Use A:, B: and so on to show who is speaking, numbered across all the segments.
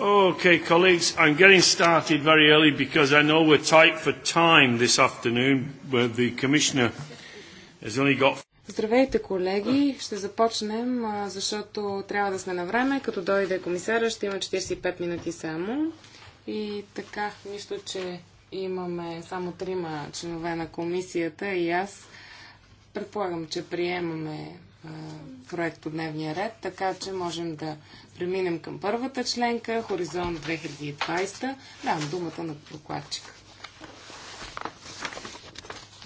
A: Okay, colleagues, I'm getting started very early because I know we're tight for time this afternoon, but the commissioner has only got...
B: Здравейте, колеги! Ще започнем, защото трябва да сме на време. Като дойде комисара, ще има 45 минути само. И така, нищо, че имаме само трима членове на комисията и аз. Предполагам, че приемаме проект по дневния ред, така че можем да преминем към първата членка, Хоризонт 2020. Дам думата на прокладчика.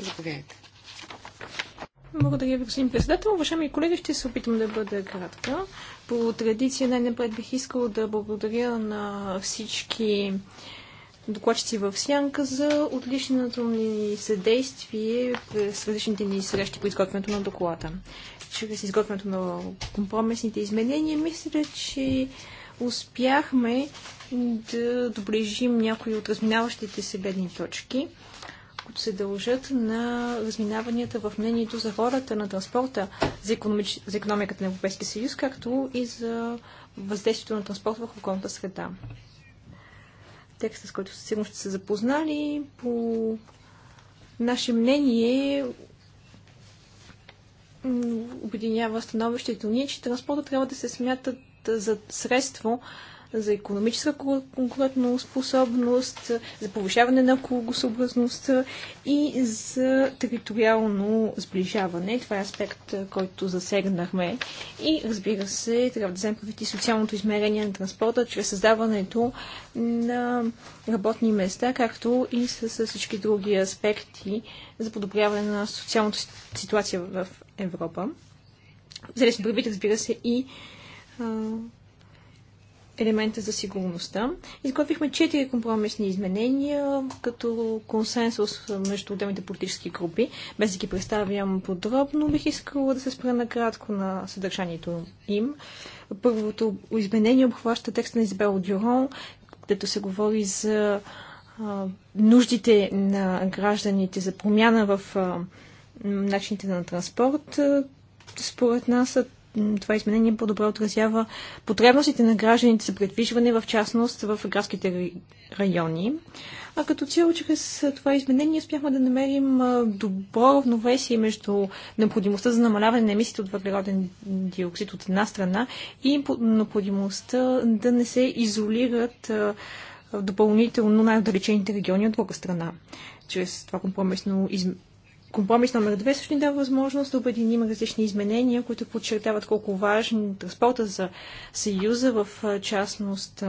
B: Заповядайте.
C: Благодаря ви, господин председател. Уважаеми колеги, ще се опитам да бъда кратка. По традиция най-напред бих искал да благодаря на всички докладчици в Сянка за отличното ни съдействие през различните ни срещи по изготвянето на доклада. Чрез изготвянето на компромисните изменения, мисля, че успяхме да доближим някои от разминаващите се бедни точки, които се дължат на разминаванията в мнението за хората на транспорта за, економич... за економиката на Европейския съюз, както и за въздействието на транспорт върху околната среда текста, с който със сигурност ще се запознали. По наше мнение обединява становището ние, че транспорта трябва да се смятат за средство за економическа конкурентна способност, за повишаване на кругосъобразността и за териториално сближаване. Това е аспект, който засегнахме. И разбира се, трябва да вземем предвид и социалното измерение на транспорта, чрез създаването на работни места, както и с всички други аспекти за подобряване на социалната ситуация в Европа. Взели сме предвид, разбира се, и а, елемента за сигурността. Изготвихме четири компромисни изменения като консенсус между отделните политически групи. Без да ги представям подробно, бих искала да се спра накратко на съдържанието им. Първото изменение обхваща текста на Изабел Дюрон, където се говори за а, нуждите на гражданите за промяна в а, начините на транспорт. Според нас това изменение по-добре отразява потребностите на гражданите за предвижване, в частност в градските райони. А като цяло, чрез това изменение успяхме да намерим добро равновесие между необходимостта за намаляване на емисиите от въглероден диоксид от една страна и необходимостта да не се изолират допълнително най-отдалечените региони от друга страна. Чрез това компромисно изменение Компромис номер две също ни дава възможност да обединим различни изменения, които подчертават колко важен е транспорта за Съюза, в частност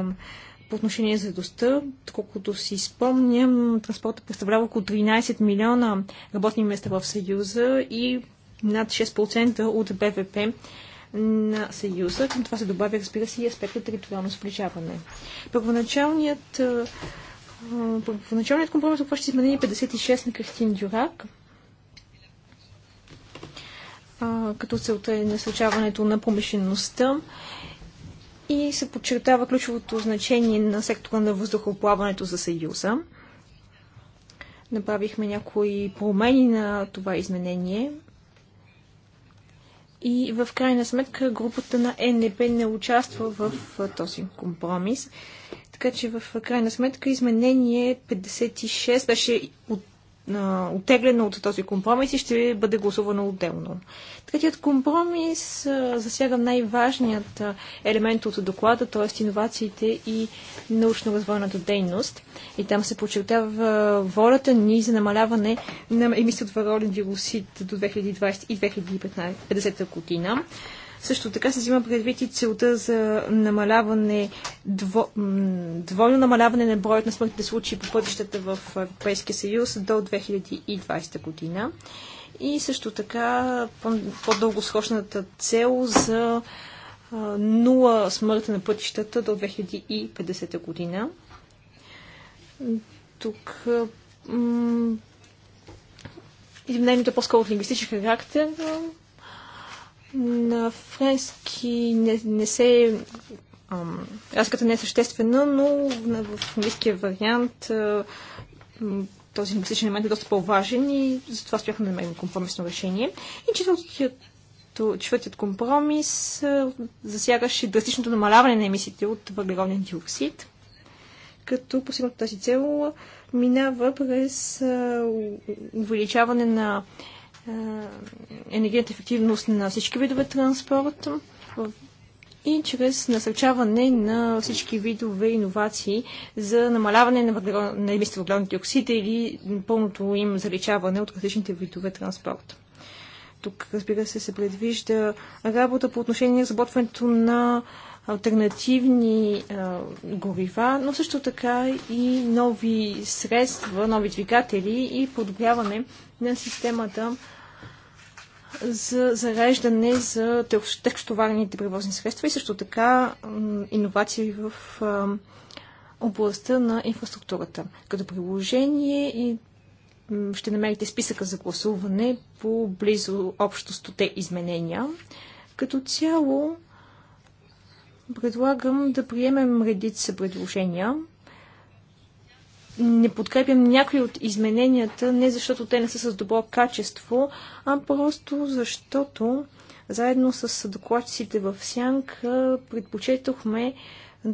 C: по отношение за доста. Колкото си спомням, транспорта представлява около 13 милиона работни места в Съюза и над 6% от БВП на Съюза. Към това се добавя, разбира се, и аспектът териториално сближаване. Първоначалният Първоначалният компромис обхваща изменение 56 на Кристин Дюрак – като целта е насърчаването на промишлеността и се подчертава ключовото значение на сектора на въздухоплаването за Съюза. Направихме някои промени на това изменение. И в крайна сметка групата на НДП не участва в този компромис. Така че в крайна сметка изменение 56 беше от отеглено от този компромис и ще бъде гласувано отделно. Третият компромис засяга най-важният елемент от доклада, т.е. иновациите и научно-развойната дейност. И там се подчертава волята ни за намаляване на емисията от въроден диоксид до 2020 и 2050 година. Също така се взима предвид и целта за намаляване, дво, двойно намаляване на броят на смъртните случаи по пътищата в Европейския съюз до 2020 година. И също така по-дългосрочната по цел за а, нула смърт на пътищата до 2050 година. Тук изменението е по-скоро от лингвистичен характер, на френски не, не се Разката не е съществена, но в английския вариант а, този лингвистичен елемент е доста по-важен и затова успяхме да намерим компромисно решение. И четвъртият четвъртият компромис засягаше драстичното намаляване на емисиите от въглероден диоксид, като постигнато тази цел минава през увеличаване на е, енергийната ефективност на всички видове транспорт и чрез насърчаване на всички видове иновации за намаляване на, на емисията въглеродни диоксиди или пълното им заличаване от различните видове транспорт. Тук, разбира се, се предвижда работа по отношение на разработването на альтернативни а, горива, но също така и нови средства, нови двигатели и подобряване на системата за зареждане за текстоварните превозни средства и също така иновации в областта на инфраструктурата. Като приложение и ще намерите списъка за гласуване по близо общо 100 изменения. Като цяло предлагам да приемем редица предложения не подкрепям някои от измененията, не защото те не са с добро качество, а просто защото заедно с докладчиците в Сянка предпочетохме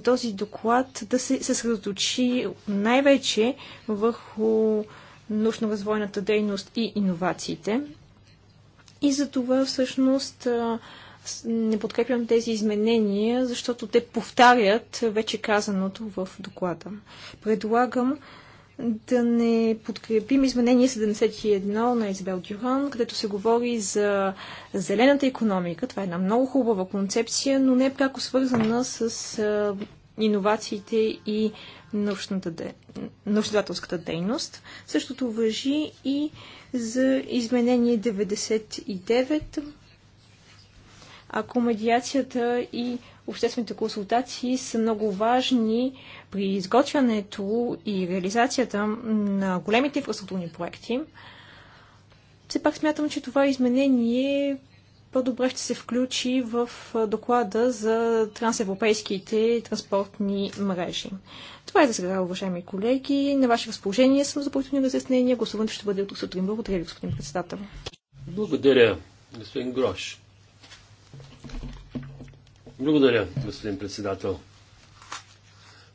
C: този доклад да се съсредоточи най-вече върху научно-развойната дейност и иновациите. И за това всъщност не подкрепям тези изменения, защото те повтарят вече казаното в доклада. Предлагам да не подкрепим изменение 71 на Изабел Дюран, където се говори за зелената економика. Това е една много хубава концепция, но не е пряко свързана с иновациите и научно де... дейност. Същото въжи и за изменение 99 ако медиацията и обществените консултации са много важни при изготвянето и реализацията на големите инфраструктурни проекти, все пак смятам, че това изменение по-добре ще се включи в доклада за трансевропейските транспортни мрежи. Това е за сега, уважаеми колеги. На ваше разположение съм за допълнителни разяснения. Гласуването ще бъде от сутрин. Благодаря ви, господин председател.
A: Благодаря, господин Грош. Благодаря, господин председател.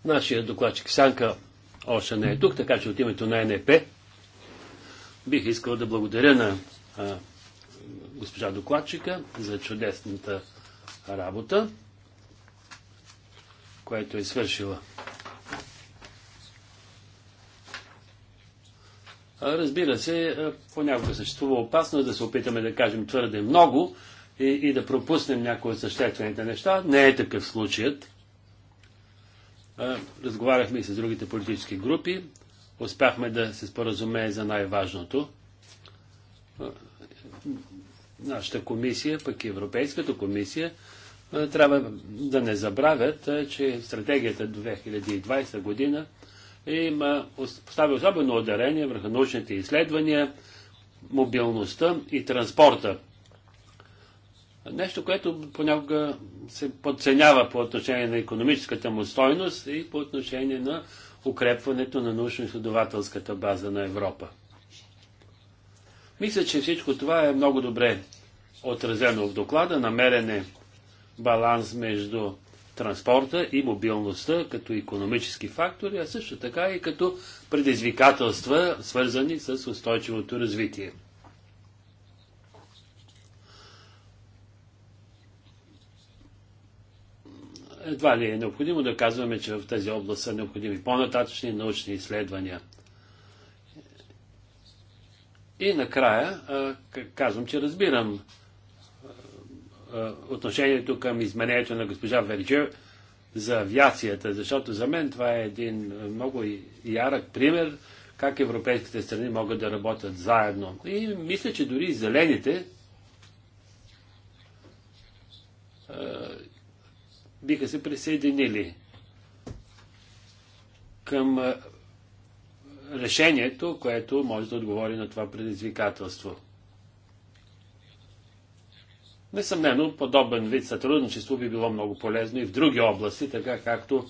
A: Нашия докладчик Сянка още не е тук, така че от името на НЕП бих искал да благодаря на а, госпожа докладчика за чудесната работа, която е свършила. Разбира се, понякога съществува опасно да се опитаме да кажем твърде много, и, и да пропуснем някои от съществените неща. Не е такъв случаят. Разговаряхме и с другите политически групи. Успяхме да се споразумее за най-важното. Нашата комисия, пък и Европейската комисия, трябва да не забравят, че стратегията до 2020 година има, поставя особено ударение върху научните изследвания, мобилността и транспорта. Нещо, което понякога се подценява по отношение на економическата му стойност и по отношение на укрепването на научно-изследователската база на Европа. Мисля, че всичко това е много добре отразено в доклада. Намерен е баланс между транспорта и мобилността като економически фактори, а също така и като предизвикателства, свързани с устойчивото развитие. едва ли е необходимо да казваме, че в тази област са необходими по-нататъчни научни изследвания. И накрая казвам, че разбирам отношението към изменението на госпожа Верджер за авиацията, защото за мен това е един много ярък пример как европейските страни могат да работят заедно. И мисля, че дори зелените биха се присъединили към решението, което може да отговори на това предизвикателство. Несъмнено, подобен вид сътрудничество би било много полезно и в други области, така както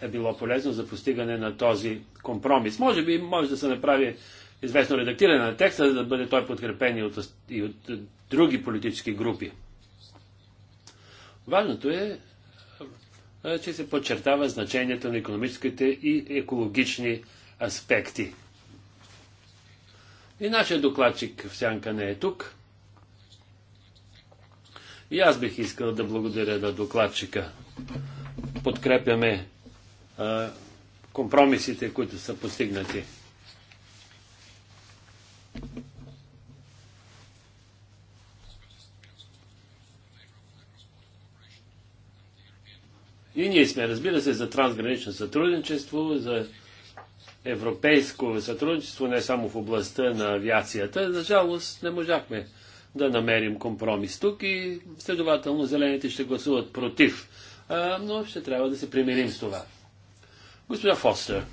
A: е било полезно за постигане на този компромис. Може би може да се направи известно редактиране на текста, за да бъде той подкрепен и от, и от други политически групи. Важното е, че се подчертава значението на економическите и екологични аспекти. И нашия докладчик в Сянка не е тук. И аз бих искал да благодаря на докладчика. Подкрепяме а, компромисите, които са постигнати. И ние сме, разбира се, за трансгранично сътрудничество, за европейско сътрудничество, не само в областта на авиацията. За жалост не можахме да намерим компромис тук и следователно зелените ще гласуват против. А, но ще трябва да се примирим с това. Госпожа Фостер.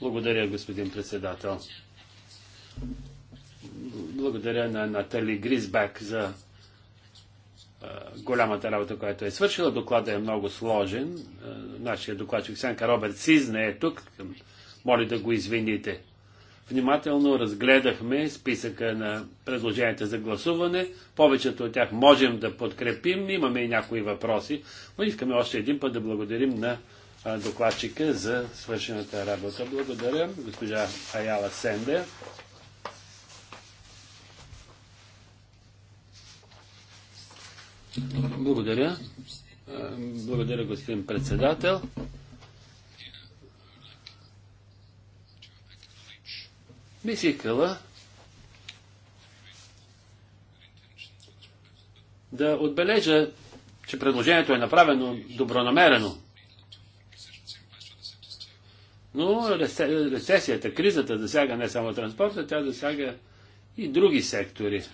A: Благодаря, господин председател. Благодаря на Натали Гризбак за голямата работа, която е свършила. Докладът е много сложен. Нашия докладчик Сенка Роберт Сиз не е тук. Моля да го извините. Внимателно разгледахме списъка на предложенията за гласуване. Повечето от тях можем да подкрепим. Имаме и някои въпроси, но искаме още един път да благодарим на докладчика за свършената работа. Благодаря, госпожа Аяла Сендер. Благодаря. Благодаря, господин председател. Мисикала да отбележа, че предложението е направено добронамерено. Но рецесията, кризата засяга не само транспорта, тя засяга и други сектори.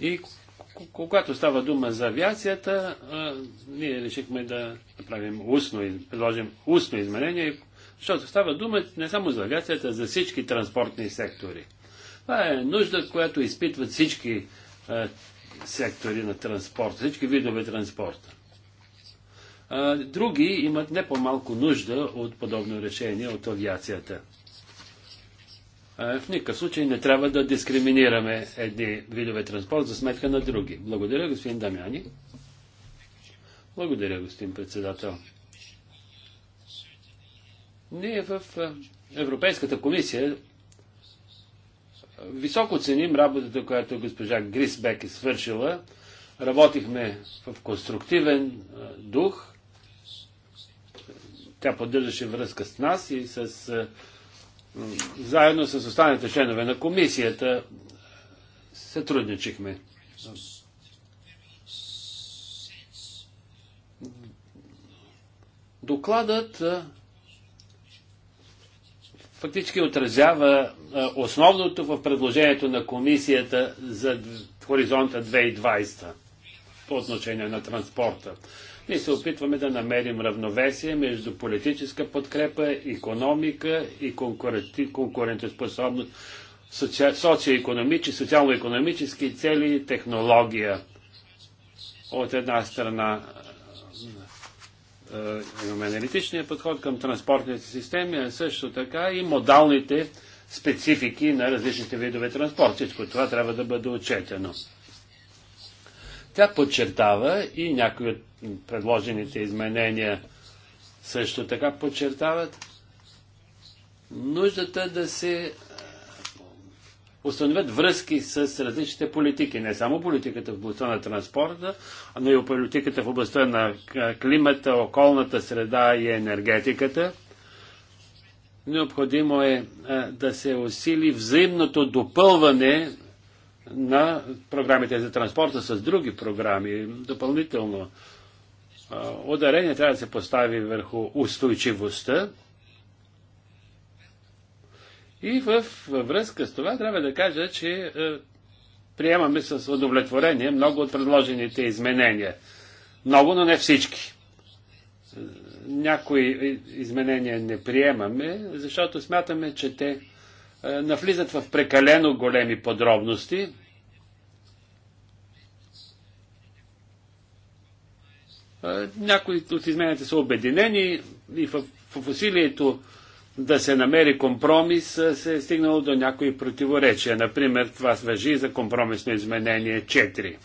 A: И когато става дума за авиацията, а, ние решихме да направим устно, предложим устно изменение, защото става дума не само за авиацията, а за всички транспортни сектори. Това е нужда, която изпитват всички а, сектори на транспорт, всички видове транспорта. А, други имат не по-малко нужда от подобно решение от авиацията. В никакъв случай не трябва да дискриминираме едни видове транспорт за сметка на други. Благодаря, господин Дамяни. Благодаря, господин председател. Ние в Европейската комисия високо ценим работата, която госпожа Грисбек е свършила. Работихме в конструктивен дух. Тя поддържаше връзка с нас и с заедно с останалите членове на комисията сътрудничихме. Докладът фактически отразява основното в предложението на комисията за хоризонта 2020 по отношение на транспорта. Ние се опитваме да намерим равновесие между политическа подкрепа, економика и конкурентоспособност, социо-економически, социално-економически цели и технология. От една страна е, е, имаме аналитичния подход към транспортните системи, а също така и модалните специфики на различните видове транспорт. Всичко това трябва да бъде отчетено. Тя подчертава и някои от предложените изменения също така подчертават нуждата да се установят връзки с различните политики. Не само политиката в областта на транспорта, но и политиката в областта на климата, околната среда и енергетиката. Необходимо е да се усили взаимното допълване на програмите за транспорта с други програми. Допълнително ударение трябва да се постави върху устойчивостта. И в, във връзка с това трябва да кажа, че е, приемаме с удовлетворение много от предложените изменения. Много, но не всички. Някои изменения не приемаме, защото смятаме, че те е, навлизат в прекалено големи подробности. Е, някои от измените са обединени и в, в усилието да се намери компромис е, се е стигнало до някои противоречия. Например, това свържи за компромисно изменение 4.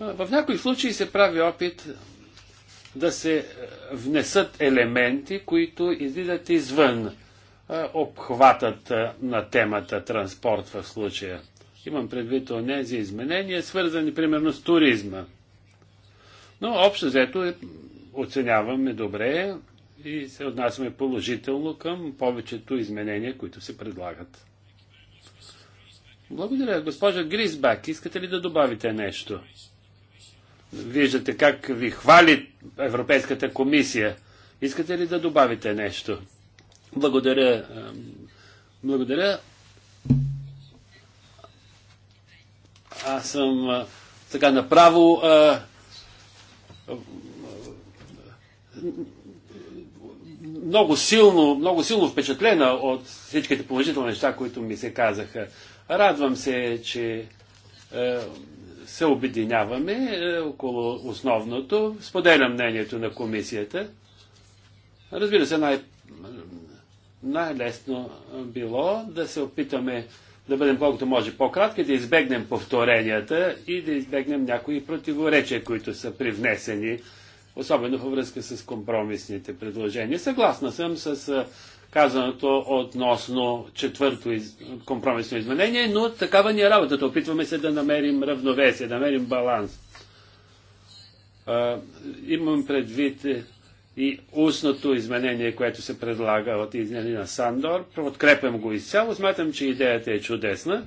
A: В някои случаи се прави опит да се е, внесат елементи, които излизат извън е, обхватът е, на темата транспорт в случая. Имам предвид онези изменения, свързани примерно с туризма. Но общо взето оценяваме добре и се отнасяме положително към повечето изменения, които се предлагат. Благодаря, госпожа Гризбак. Искате ли да добавите нещо? Виждате как ви хвали Европейската комисия. Искате ли да добавите нещо? Благодаря. Благодаря. Аз съм така направо а, много силно, много силно впечатлена от всичките положителни неща, които ми се казаха. Радвам се, че е, се обединяваме е, около основното. Споделям мнението на комисията. Разбира се, най- най-лесно било да се опитаме да бъдем колкото може по-кратки, да избегнем повторенията и да избегнем някои противоречия, които са привнесени, особено във връзка с компромисните предложения. Съгласна съм с е, казаното относно четвърто из... компромисно изменение, но такава ни е работата. Опитваме се да намерим равновесие, да намерим баланс. А, имам предвид е, и устното изменение, което се предлага от на Сандор. Подкрепям го изцяло. Смятам, че идеята е чудесна.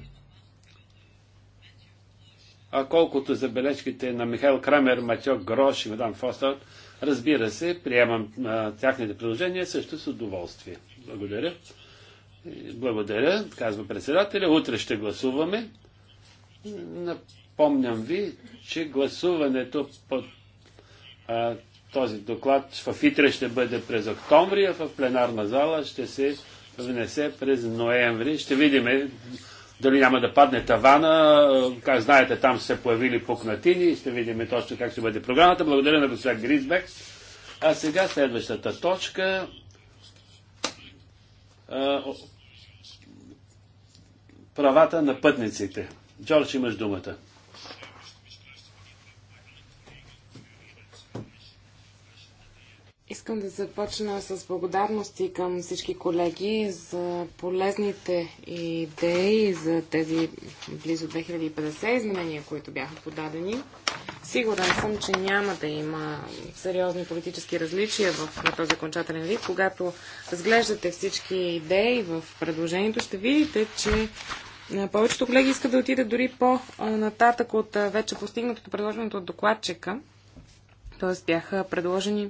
A: А колкото забележките на Михаил Крамер, Матьо Грош и Мадам Фостер, разбира се, приемам а, тяхните предложения също с удоволствие. Благодаря. Благодаря, казва председателя. Утре ще гласуваме. Напомням ви, че гласуването по а, този доклад в Итре ще бъде през октомври, а в пленарна зала ще се внесе през ноември. Ще видим е, дали няма да падне тавана. Как знаете, там се появили пукнатини. Ще видим точно как ще бъде програмата. Благодаря на господин Гризбек. А сега следващата точка правата на пътниците. Джордж, имаш думата.
B: Искам да започна с благодарности към всички колеги за полезните идеи за тези близо 2050 изменения, които бяха подадени. Сигурен съм, че няма да има сериозни политически различия в, на този окончателен вид. Когато разглеждате всички идеи в предложението, ще видите, че повечето колеги искат да отидат дори по-нататък от вече постигнатото предложеното от докладчика. Т.е. бяха предложени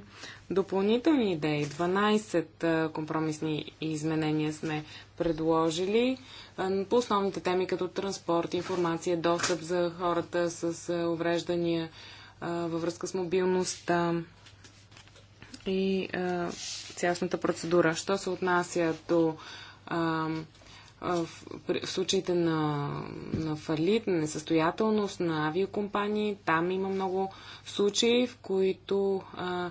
B: допълнителни идеи. 12 компромисни изменения сме предложили по основните теми като транспорт, информация, достъп за хората с увреждания във връзка с мобилността и цялостната процедура. Що се отнася до в, случаите на, на фалит, на несъстоятелност на авиокомпании, там има много случаи, в които а,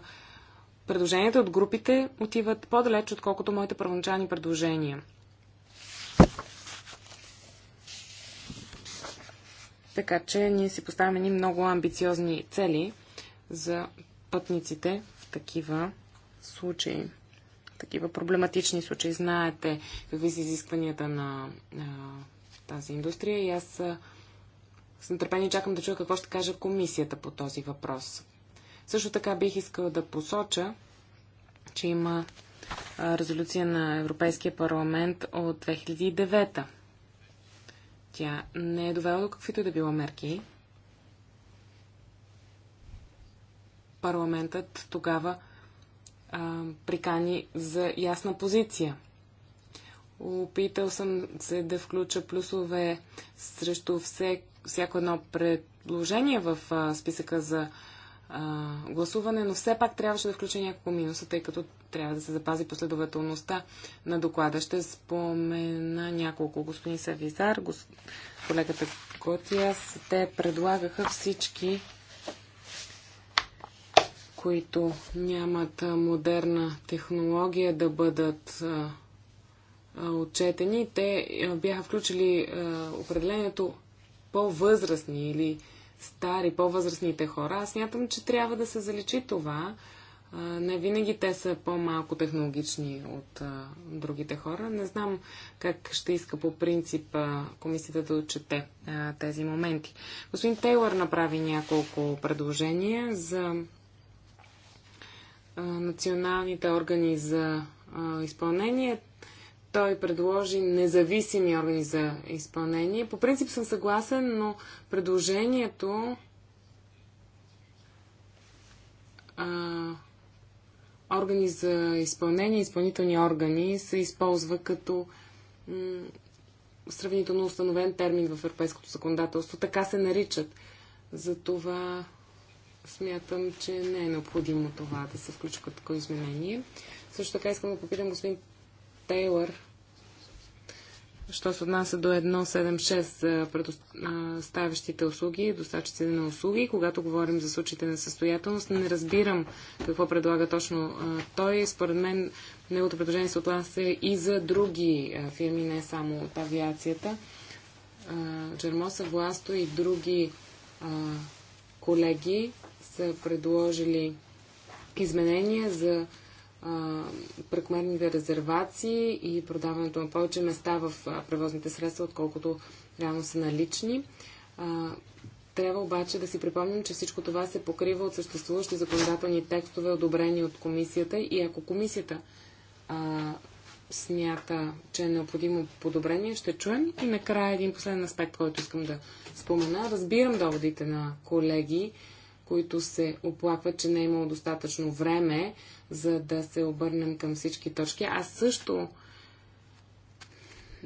B: предложенията от групите отиват по-далеч, отколкото моите първоначални предложения. Така че ние си поставяме ни много амбициозни цели за пътниците в такива случаи. В такива проблематични случаи. Знаете какви са изискванията на, на тази индустрия и аз с нетърпение чакам да чуя какво ще каже комисията по този въпрос. Също така бих искала да посоча, че има резолюция на Европейския парламент от 2009. Тя не е довела до каквито да било мерки. Парламентът тогава а, прикани за ясна позиция. Опитал съм се да включа плюсове срещу все, всяко едно предложение в а, списъка за а, гласуване, но все пак трябваше да включа няколко минуса, тъй като трябва да се запази последователността на доклада. Ще спомена няколко. Господин Савизар, гос... колегата Котиас, те предлагаха всички които нямат модерна технология да бъдат отчетени. Те бяха включили определението по-възрастни или стари, по-възрастните хора. Аз смятам, че трябва да се заличи това. Не винаги те са по-малко технологични от другите хора. Не знам как ще иска по принцип комисията да отчете тези моменти. Господин Тейлър направи няколко предложения за националните органи за изпълнение той предложи независими органи за изпълнение. По принцип съм съгласен, но предложението а, органи за изпълнение, изпълнителни органи се използва като сравнително установен термин в европейското законодателство. Така се наричат. Затова смятам, че не е необходимо това да се включва като изменение. Също така искам да попитам господин Тейлър, що се отнася до 176 за предоставящите услуги и доставчиците на услуги. Когато говорим за случаите на състоятелност, не разбирам какво предлага точно той. Според мен неговото предложение се отнася и за други фирми, не само от авиацията. Джермоса, Власто и други колеги са предложили изменения за прекомерните резервации и продаването на повече места в а, превозните средства, отколкото реално са налични. А, трябва обаче да си припомним, че всичко това се покрива от съществуващи законодателни текстове, одобрени от комисията и ако комисията а, смята, че е необходимо подобрение, ще чуем. И накрая един последен аспект, който искам да спомена. Разбирам доводите на колеги, които се оплакват, че не е имало достатъчно време, за да се обърнем към всички точки. Аз също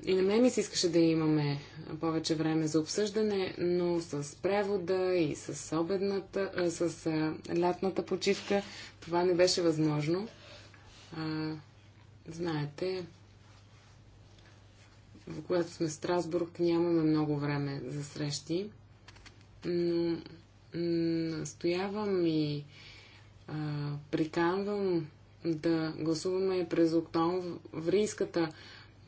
B: и на мен ми се искаше да имаме повече време за обсъждане, но с превода и с, обедната, а, с а, лятната почивка това не беше възможно. А, знаете, когато сме в Страсбург, нямаме много време за срещи, но настоявам и а, приканвам да гласуваме през октомврийската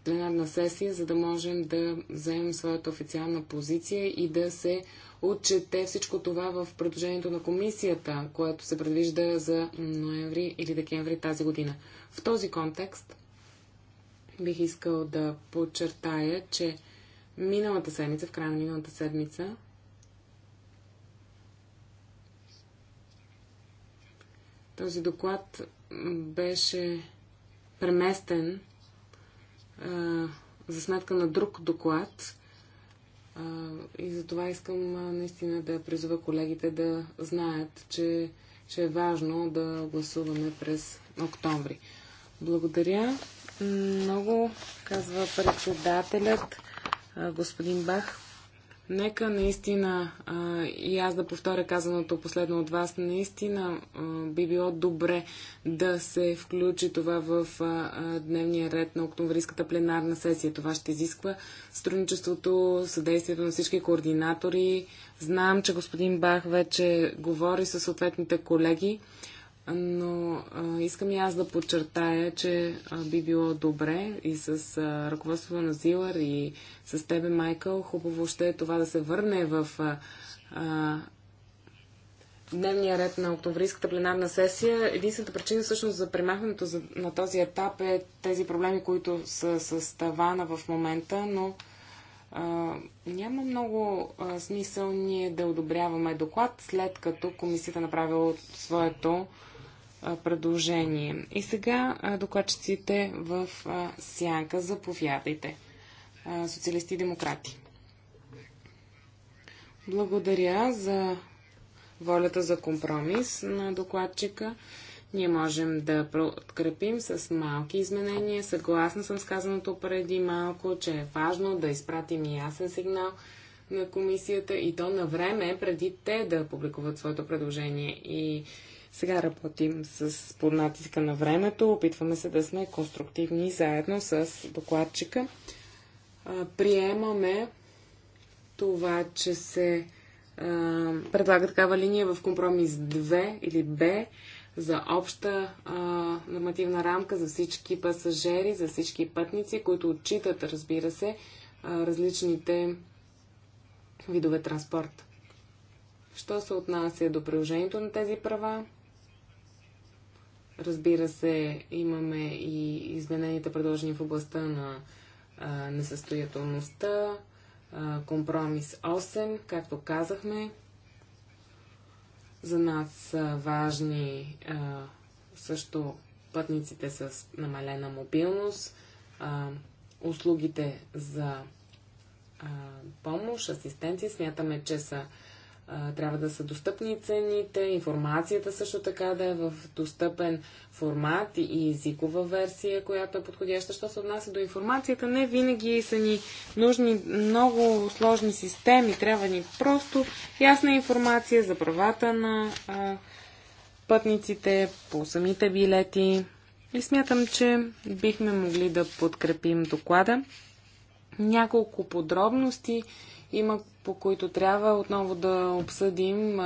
B: пленарна сесия, за да можем да вземем своята официална позиция и да се отчете всичко това в предложението на комисията, което се предвижда за ноември или декември тази година. В този контекст бих искал да подчертая, че миналата седмица, в края на миналата седмица, Този доклад беше преместен а, за сметка на друг доклад. А, и затова искам а, наистина да призова колегите да знаят, че, че е важно да гласуваме през октомври. Благодаря. Много, казва председателят господин Бах. Нека наистина а, и аз да повторя казаното последно от вас. Наистина а, би било добре да се включи това в а, дневния ред на октомврийската пленарна сесия. Това ще изисква сътрудничеството, съдействието на всички координатори. Знам, че господин Бах вече говори със съответните колеги но а, искам и аз да подчертая, че а, би било добре и с а, ръководството на Зилър и с тебе, Майкъл, хубаво ще е това да се върне в а, а, дневния ред на октомврийската пленарна сесия. Единствената причина всъщност за премахването за, на този етап е тези проблеми, които са с тавана в момента, но а, няма много а, смисъл ние да одобряваме доклад, след като комисията направила своето предложение. И сега докладчиците в сянка, заповядайте. Социалисти и демократи. Благодаря за волята за компромис на докладчика. Ние можем да подкрепим с малки изменения. Съгласна съм с казаното преди малко, че е важно да изпратим ясен сигнал на комисията и то на време, преди те да публикуват своето предложение. И сега работим с под натиска на времето, опитваме се да сме конструктивни заедно с докладчика. Приемаме това, че се предлага такава линия в компромис 2 или Б за обща а, нормативна рамка за всички пасажери, за всички пътници, които отчитат, разбира се, а, различните видове транспорт. Що се отнася до приложението на тези права? Разбира се, имаме и измененията, предложени в областта на а, несъстоятелността, а, компромис 8, както казахме. За нас са важни а, също пътниците с намалена мобилност, а, услугите за а, помощ, асистенция. Смятаме, че са трябва да са достъпни цените, информацията също така да е в достъпен формат и езикова версия, която е подходяща. Що се отнася до информацията, не винаги са ни нужни много сложни системи. Трябва ни просто ясна информация за правата на а, пътниците, по самите билети. И смятам, че бихме могли да подкрепим доклада. Няколко подробности има по които трябва отново да обсъдим,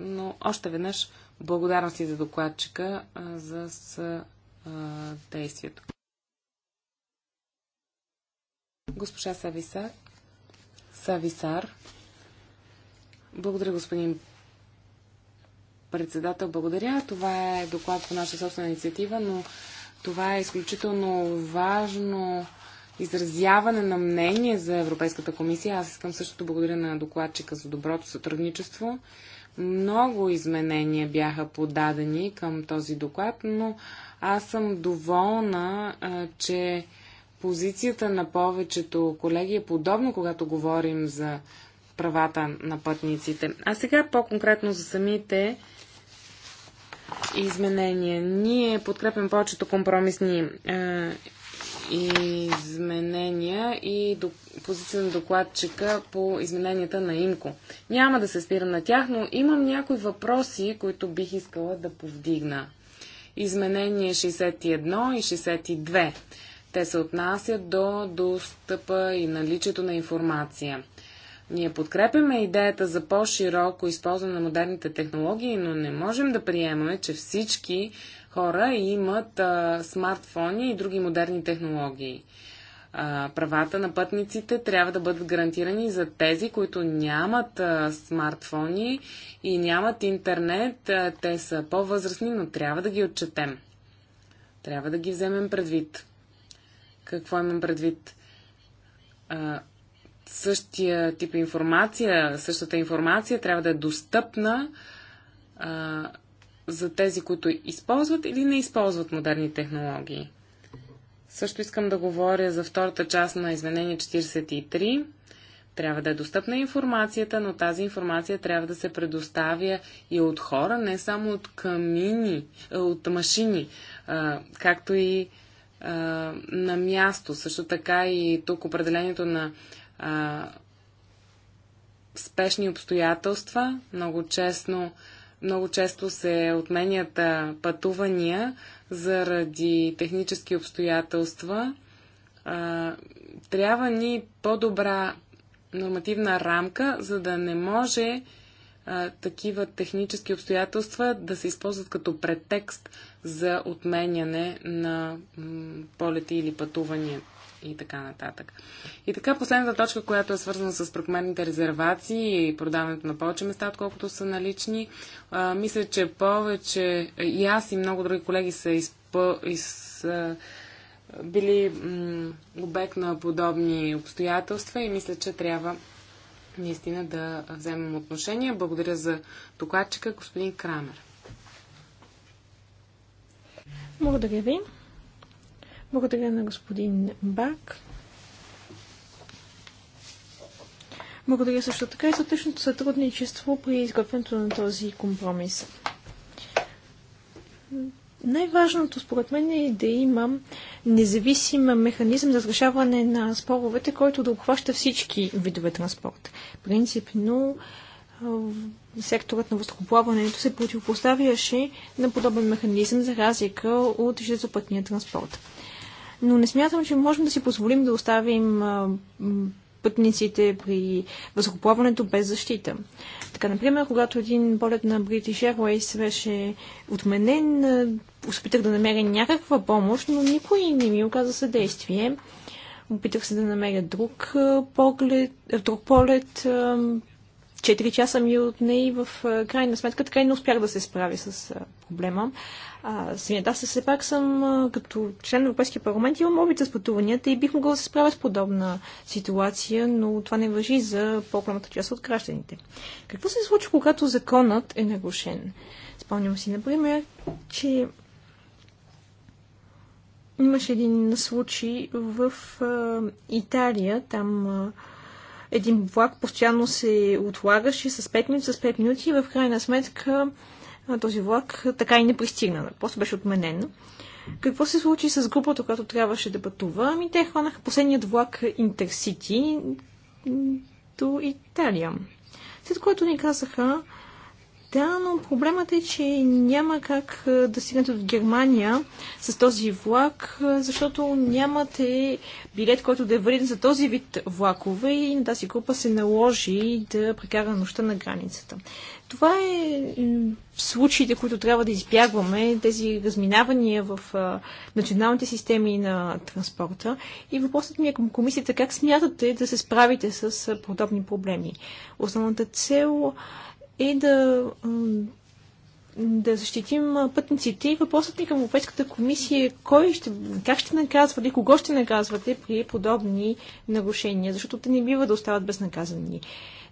B: но още веднъж благодарности за докладчика за действието. Госпожа Сависар. Сависар. Благодаря, господин председател. Благодаря. Това е доклад по наша собствена инициатива, но това е изключително важно изразяване на мнение за Европейската комисия. Аз искам също да благодаря на докладчика за доброто сътрудничество. Много изменения бяха подадени към този доклад, но аз съм доволна, че позицията на повечето колеги е подобна, когато говорим за правата на пътниците. А сега по-конкретно за самите изменения. Ние подкрепям повечето компромисни изменения и до, позиция на докладчика по измененията на ИМКО. Няма да се спирам на тях, но имам някои въпроси, които бих искала да повдигна. Изменение 61 и 62. Те се отнасят до достъпа и наличието на информация. Ние подкрепяме идеята за по-широко използване на модерните технологии, но не можем да приемаме, че всички хора имат а, смартфони и други модерни технологии. А, правата на пътниците трябва да бъдат гарантирани за тези, които нямат а, смартфони и нямат интернет. А, те са по-възрастни, но трябва да ги отчетем. Трябва да ги вземем предвид. Какво имам предвид? А, същия тип информация, същата информация трябва да е достъпна а, за тези, които използват или не използват модерни технологии. Също искам да говоря за втората част на изменение 43. Трябва да е достъпна информацията, но тази информация трябва да се предоставя и от хора, не само от камини, е, от машини, както и на място. Също така и тук определението на спешни обстоятелства. Много честно много често се отменят пътувания заради технически обстоятелства. Трябва ни по-добра нормативна рамка, за да не може такива технически обстоятелства да се използват като претекст за отменяне на полети или пътувания и така нататък. И така, последната точка, която е свързана с прекомерните резервации и продаването на повече места, отколкото са налични, а, мисля, че повече и аз и много други колеги са изпъ... из... били м... обект на подобни обстоятелства и мисля, че трябва наистина да вземем отношение. Благодаря за докладчика, господин Крамер.
C: Благодаря ви. Благодаря на господин Бак. Благодаря също така и за тъчното сътрудничество при изготвянето на този компромис. Най-важното според мен е да имам независим механизъм за разрешаване на споровете, който да обхваща всички видове транспорт. Принципно секторът на въздухоплаването се противопоставяше на подобен механизъм за разлика от железопътния транспорт но не смятам, че можем да си позволим да оставим пътниците при възхоплаването без защита. Така, например, когато един полет на British Airways беше отменен, успитах да намеря някаква помощ, но никой не ми оказа съдействие. Опитах се да намеря друг поглед, друг полет, 4 часа ми е нея и в крайна сметка така и не успях да се справя с проблема. А, самият аз все пак съм като член на Европейския парламент имам опит с пътуванията и бих могъл да се справя с подобна ситуация, но това не въжи за по-голямата част от гражданите. Какво се случва, когато законът е нарушен? Спомням си, например, че имаше един случай в Италия, там един влак постоянно се отлагаше с 5 минути, с 5 минути и в крайна сметка този влак така и не пристигна. Просто беше отменен. Какво се случи с групата, която трябваше да пътува? Ами те хванаха последният влак Интерсити до Италия. След което ни казаха, да, но проблемът е, че няма как да стигнете от Германия с този влак, защото нямате билет, който да е валиден за този вид влакове и на тази група се наложи да прекара нощта на границата. Това е случаите, които трябва да избягваме, тези разминавания в националните системи на транспорта. И въпросът ми е към комисията, как смятате да се справите с подобни проблеми? Основната цел е да, да защитим пътниците и въпросът ми към Европейската комисия е кой ще, как ще наказвате, кого ще наказвате при подобни нарушения, защото те не бива да остават безнаказани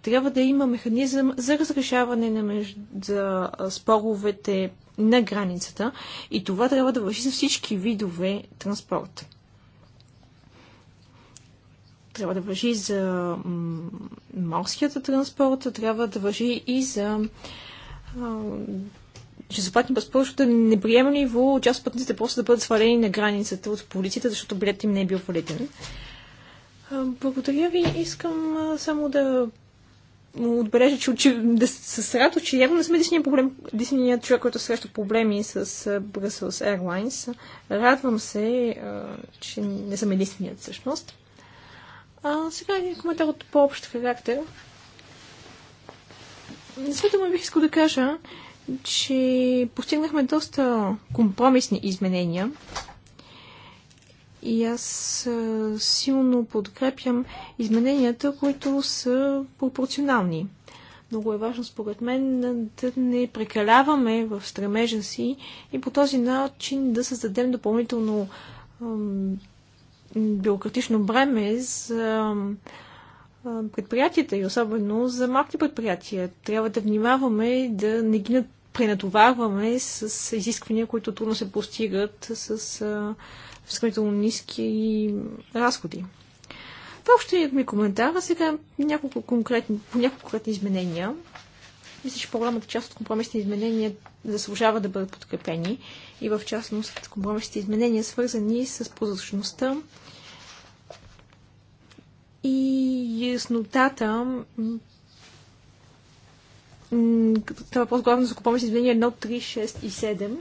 C: трябва да има механизъм за разрешаване на между, за споровете на границата и това трябва да върши за всички видове транспорт трябва да въжи за морският транспорт, трябва да въжи и за Жезопатни паспорт, защото е неприемливо част от пътниците просто да бъдат свалени на границата от полицията, защото билет им не е бил валиден. Благодаря ви. Искам само да отбележа, че, че да, се срадо, че явно не сме единственият, проблем, единственият човек, който среща проблеми с Brussels Airlines. Радвам се, че не съм единственият всъщност. А сега един коментар от по-общ характер. След му бих искал да кажа, че постигнахме доста компромисни изменения. И аз силно подкрепям измененията, които са пропорционални. Много е важно, според мен, да не прекаляваме в стремежа си и по този начин да създадем допълнително бюрократично бреме за предприятията и особено за малки предприятия. Трябва да внимаваме да не ги пренатоварваме с изисквания, които трудно се постигат с сравнително ниски разходи. Това е ми коментар, сега няколко конкретни, по няколко конкретни изменения. Мисля, че по-голямата част от компромисните изменения заслужава да бъдат подкрепени и в частност компромисните изменения, свързани с прозрачността и яснотата това въпрос главно за компромис изменение 1, 3, 6 и 7.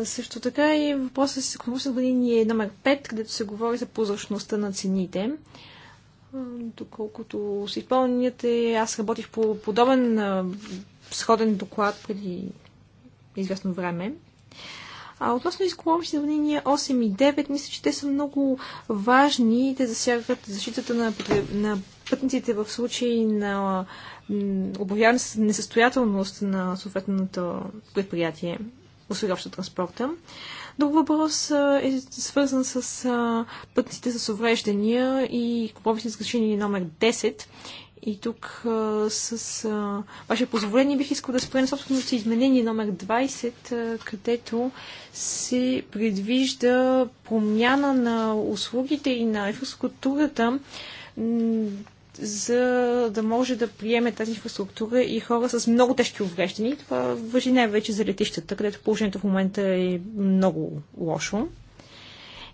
C: А, също така и въпросът с компромисно изменение номер 5, където се говори за прозрачността на цените. А, доколкото си спомняте, аз работих по подобен а, сходен доклад преди известно време. А относно изколомите в линия 8 и 9, мисля, че те са много важни и те засягат защитата на, на пътниците в случай на обявяване с несъстоятелност на съответното предприятие, осигуряващо транспорта. Друг въпрос е свързан с пътниците с увреждания и купобите с решение номер 10. И тук с а, ваше позволение бих искал да спра собственото си изменение номер 20, където се предвижда промяна на услугите и на инфраструктурата за да може да приеме тази инфраструктура и хора с много тежки увреждания. Това въжи най-вече за летищата, където положението в момента е много лошо.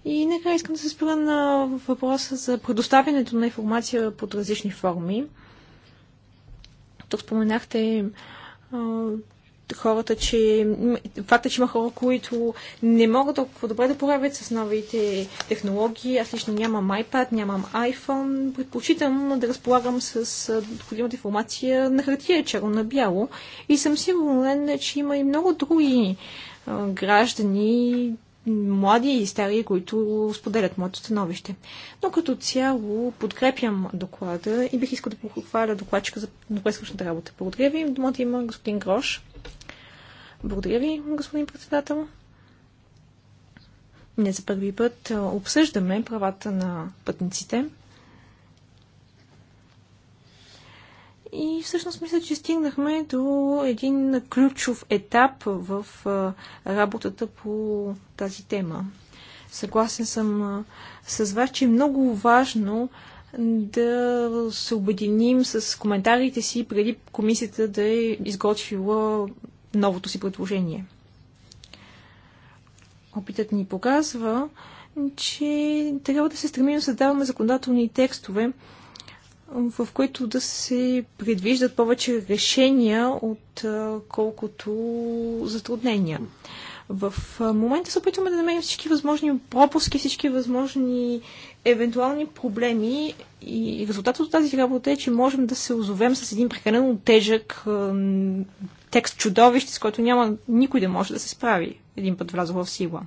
C: И нека искам да се спра на въпроса за предоставянето на информация под различни форми. Тук споменахте хората, че факта, че има хора, които не могат толкова добре да поравят с новите технологии. Аз лично нямам iPad, нямам iPhone. Предпочитам да разполагам с необходимата информация на хартия, черно на бяло. И съм сигурен, че има и много други граждани, млади и стари, които споделят моето становище. Но като цяло подкрепям доклада и бих искал да похваля докладчика за добре работа. Благодаря ви. Думата има господин Грош. Благодаря ви, господин председател. Не за първи път обсъждаме правата на пътниците. И всъщност мисля, че стигнахме до един ключов етап в работата по тази тема. Съгласен съм с вас, че е много важно да се обединим с коментарите си преди комисията да е изготвила новото си предложение. Опитът ни показва, че трябва да се стремим да създаваме законодателни текстове, в които да се предвиждат повече решения, от колкото затруднения. В момента се опитваме да намерим всички възможни пропуски, всички възможни евентуални проблеми и резултатът от тази работа е, че можем да се озовем с един прекалено тежък текст чудовище, с който няма никой да може да се справи един път влязъл в сила.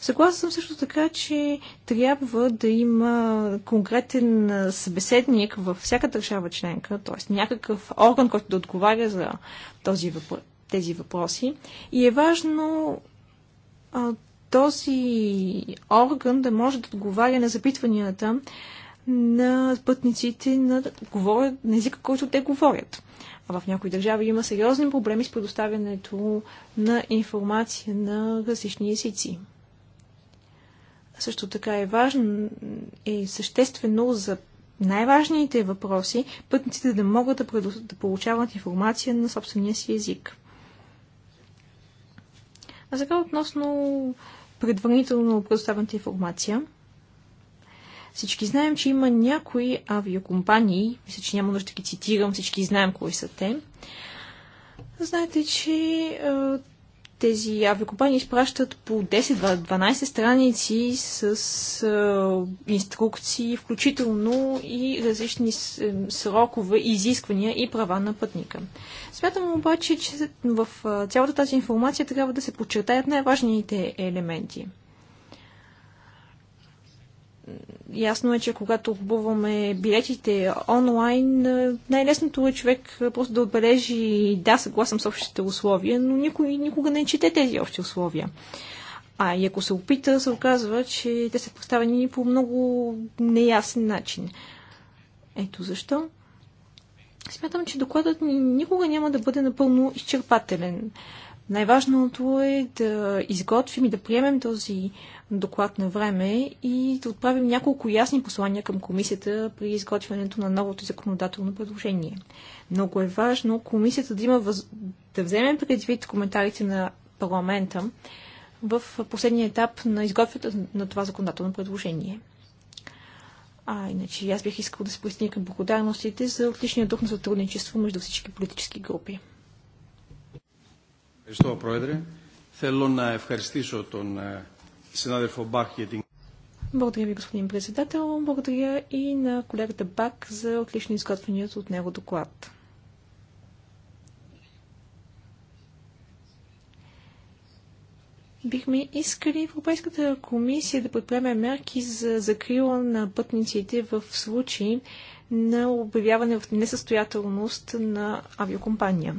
C: Съгласна съм също така, че трябва да има конкретен събеседник във всяка държава членка, т.е. някакъв орган, който да отговаря за този въпро... тези въпроси. И е важно а, този орган да може да отговаря на запитванията на пътниците на, говорят, на езика, който те говорят. А в някои държави има сериозни проблеми с предоставянето на информация на различни езици. Също така е важно и съществено за най-важните въпроси пътниците да могат да, предо... да получават информация на собствения си език. А сега относно предварително предоставената информация. Всички знаем, че има някои авиокомпании, мисля, че няма нужда да ги цитирам, всички знаем кои са те. Знаете, че тези авиокомпании изпращат по 10-12 страници с а, инструкции, включително и различни е, срокове, изисквания и права на пътника. Смятам обаче, че в цялата тази информация трябва да се подчертаят най-важните елементи – Ясно е, че когато купуваме билетите онлайн, е, най-лесното е човек е, просто да отбележи да, съгласен с общите условия, но никой никога не чете тези общи условия. А и ако се опита, се оказва, че те са поставени по много неясен начин. Ето защо. Смятам, че докладът ни никога няма да бъде напълно изчерпателен. Най-важното е да изготвим и да приемем този доклад на време и да отправим няколко ясни послания към комисията при изготвянето на новото законодателно предложение. Много е важно комисията да, има въз... да вземе предвид коментарите на парламента в последния етап на изготвянето на това законодателно предложение. А иначе аз бих искал да се присъединя към благодарностите за отличния дух на сътрудничество между всички политически групи.
A: Ευχαριστώ, Πρόεδρε. Θέλω να ευχαριστήσω τον Бах
C: благодаря ви, господин председател. Благодаря и на колегата Бак за отлично изготвеният от него доклад. Бихме искали Европейската комисия да предприеме мерки за закрила на пътниците в случай на обявяване в несъстоятелност на авиокомпания.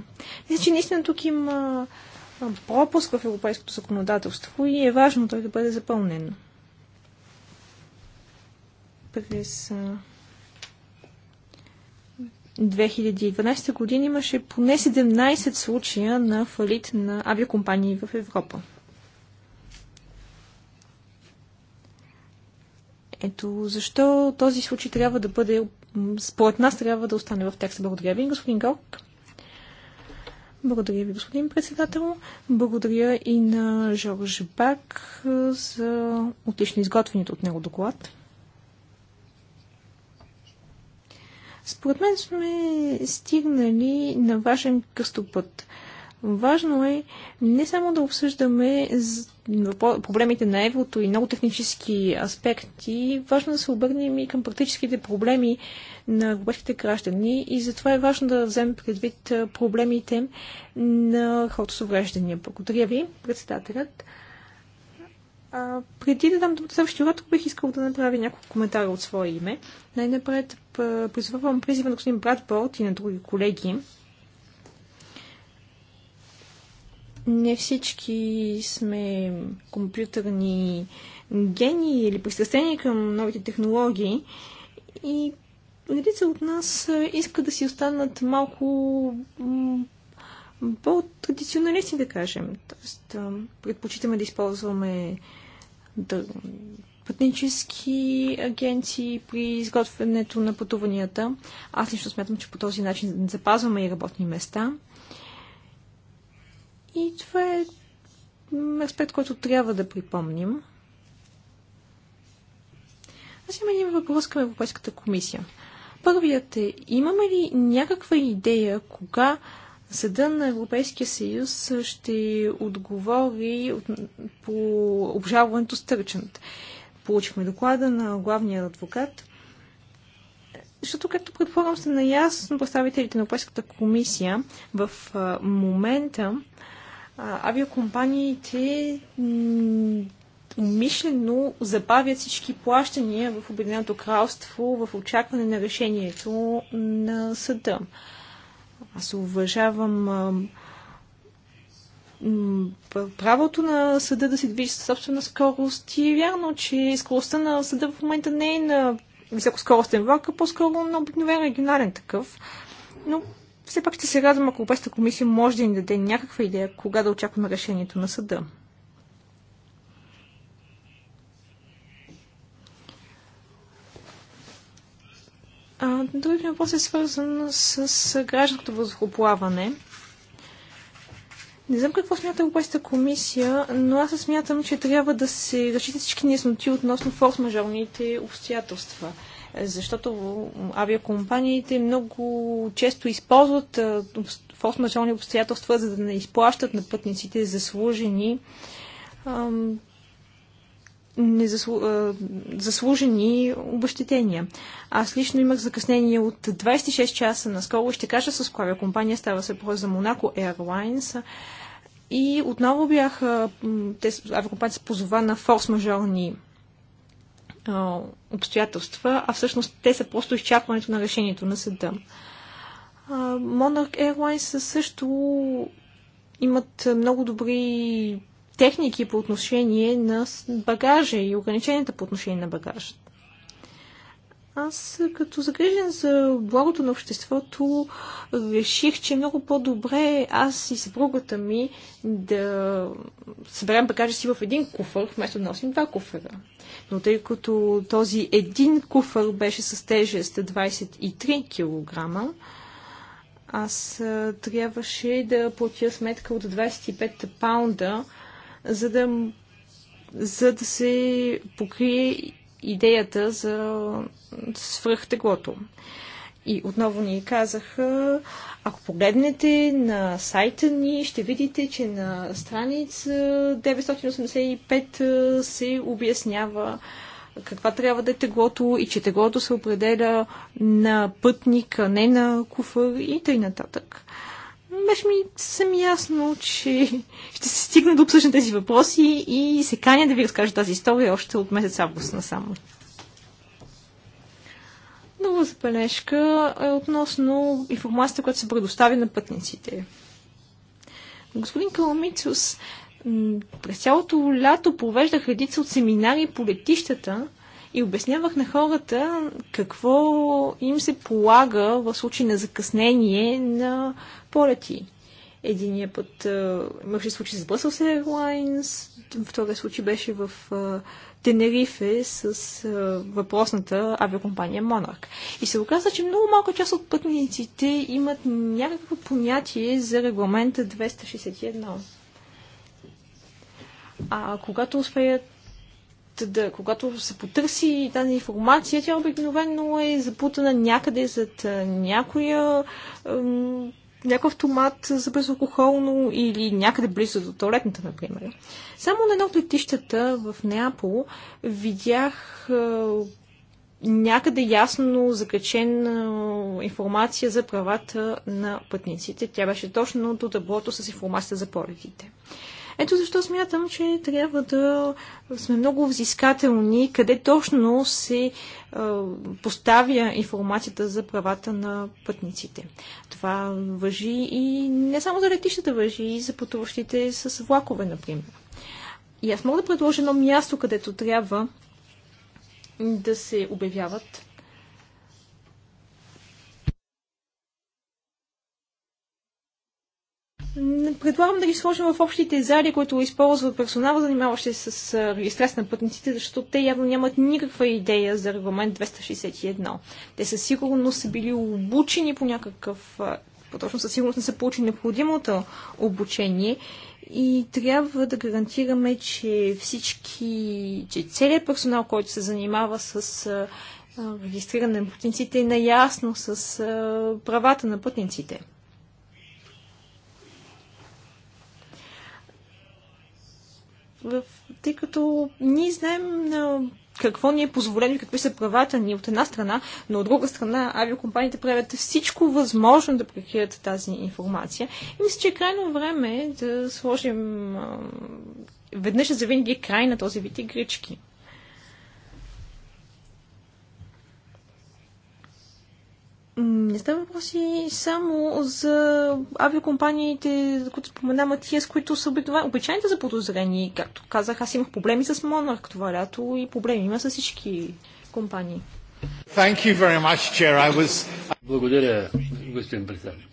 C: Мисля, че наистина тук има пропуск в европейското законодателство и е важно той да бъде запълнен. През 2012 година имаше поне 17 случая на фалит на авиокомпании в Европа. Ето защо този случай трябва да бъде, според нас трябва да остане в текста. Благодаря ви, господин Галк. Благодаря ви, господин председател. Благодаря и на Жорж Бак за отлично изготвените от него доклад. Според мен сме стигнали на важен кръстопът. Важно е не само да обсъждаме проблемите на еврото и много технически аспекти, важно е да се обърнем и към практическите проблеми на европейските граждани и затова е важно да вземем предвид проблемите на хората с увреждания. Благодаря ви, председателят. А, преди да дам думата следващия оратор, бих искал да направя няколко коментара от свое име. Най-напред призовавам призива на господин Брат Братборд и на други колеги не всички сме компютърни гении или пристрастени към новите технологии и редица от нас иска да си останат малко по-традиционалисти, да кажем. Тоест, предпочитаме да използваме да, пътнически агенции при изготвянето на пътуванията. Аз лично смятам, че по този начин запазваме и работни места – и това е аспект, който трябва да припомним. Аз имам един въпрос към Европейската комисия. Първият е, имаме ли някаква идея кога Съда на Европейския съюз ще отговори по обжалването с търчент. Получихме доклада на главния адвокат, защото, както предполагам, сте наясно представителите на Европейската комисия в момента авиакомпаниите умишлено забавят всички плащания в Обединеното кралство в очакване на решението на съда. Аз уважавам правото на съда да се движи със собствена скорост и е вярно, че скоростта на съда в момента не е на високоскоростен влак, а по-скоро на обикновен регионален такъв. Но все пак ще се радвам, ако Европейската комисия може да ни даде някаква идея кога да очакваме решението на съда. Другият въпрос е свързан с, гражданското въздухоплаване. Не знам какво смята Европейската комисия, но аз смятам, че трябва да се решите всички неясноти относно форс-мажорните обстоятелства защото авиакомпаниите много често използват форс-мажорни обстоятелства, за да не изплащат на пътниците заслужени заслужени обещетения. Аз лично имах закъснение от 26 часа на скоро. Ще кажа с коя компания става се за Монако Airlines. И отново бях, те, авиакомпания се позова на форс-мажорни обстоятелства, а всъщност те са просто изчакването на решението на съда. Monarch Airlines също имат много добри техники по отношение на багажа и ограниченията по отношение на багажа. Аз като загрижен за благото на обществото реших, че е много по-добре аз и съпругата ми да съберем багажа си в един куфър, вместо да носим два куфъра. Но тъй като този един куфър беше с тежест 23 кг, аз трябваше да платя сметка от 25 паунда, за да, за да се покрие идеята за свръхтеглото. И отново ни казаха, ако погледнете на сайта ни, ще видите, че на страница 985 се обяснява каква трябва да е теглото и че теглото се определя на пътник, а не на куфър и т.н. нататък. Беше ми съм ясно, че ще се стигна да обсъждам тези въпроси и се каня да ви разкажа тази история още от месец август насам. Нова забележка е относно информацията, която се предоставя на пътниците. Господин Каламицус през цялото лято провеждах редица от семинари по летищата, и обяснявах на хората какво им се полага в случай на закъснение на полети. Единия път имаше случай с Brussels Airlines, втория случай беше в Тенерифе с въпросната авиакомпания Monarch. И се оказа, че много малка част от пътниците имат някакво понятие за регламента 261. А когато успеят да, когато се потърси тази информация, тя обикновено е запутана някъде зад някоя, ем, някакъв томат за безалкохолно или някъде близо до туалетната, например. Само на едно от летищата в Неапол видях е, някъде ясно закачена информация за правата на пътниците. Тя беше точно до таблото с информация за полетите. Ето защо смятам, че трябва да сме много взискателни, къде точно се е, поставя информацията за правата на пътниците. Това въжи и не само за летищата, въжи и за пътуващите с влакове, например. И аз мога да предложа едно място, където трябва да се обявяват Предлагам да ги сложим в общите зали, които използва персонала, занимаващ се с регистрация на пътниците, защото те явно нямат никаква идея за регламент 261. Те със сигурност са били обучени по някакъв... По-точно със сигурност не са получили необходимото обучение и трябва да гарантираме, че всички, че целият персонал, който се занимава с регистриране на пътниците е наясно с правата на пътниците. тъй като ние знаем на какво ни е позволено и какви са правата ни от една страна, но от друга страна авиокомпаниите правят всичко възможно да прикрият тази информация. И мисля, че е крайно време да сложим а, веднъж за винаги край на този вид игрички. Не става въпроси само за авиокомпаниите, за които спомена с които са обичайните за подозрени. Както казах, аз имах проблеми с Монарх това лято и проблеми има с всички компании.
A: Thank you very much, Chair. I was... Благодаря, господин председател.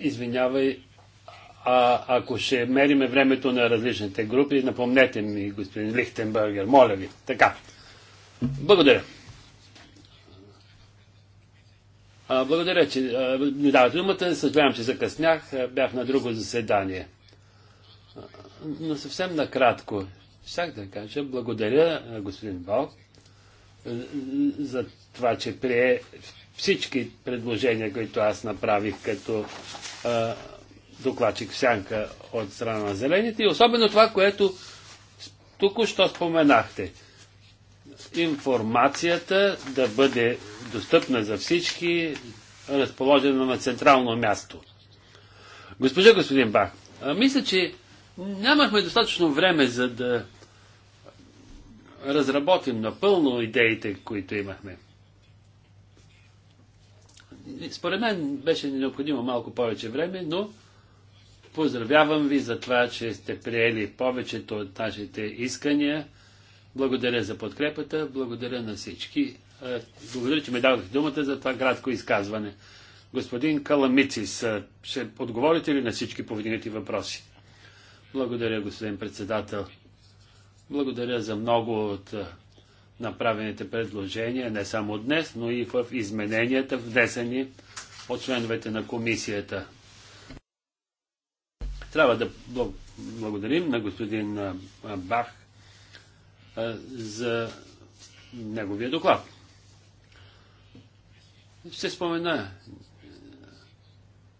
A: Извинявай, а, ако ще мериме времето на различните групи, напомнете ми, господин Лихтенбергер, моля ви. Така. Благодаря. А, благодаря, че ми давате думата. Съжалявам, че закъснях. Бях на друго заседание. Но съвсем накратко. Щях да кажа благодаря господин Бал за това, че прие всички предложения, които аз направих като а, докладчик в сянка от страна на зелените и особено това, което тук що споменахте. Информацията да бъде достъпна за всички, разположена на централно място. Госпожа господин Бах, мисля, че нямахме достатъчно време за да разработим напълно идеите, които имахме. Според мен беше необходимо малко повече време, но поздравявам ви за това, че сте приели повечето от нашите искания. Благодаря за подкрепата, благодаря на всички е, благодаря, че ми дадохте думата за това кратко изказване. Господин Каламицис, е, ще отговорите ли на всички повдигнати въпроси? Благодаря, господин председател. Благодаря за много от е, направените предложения, не само днес, но и в измененията, внесени от членовете на комисията. Трябва да благодарим на господин Бах за неговия доклад. Ще спомена е,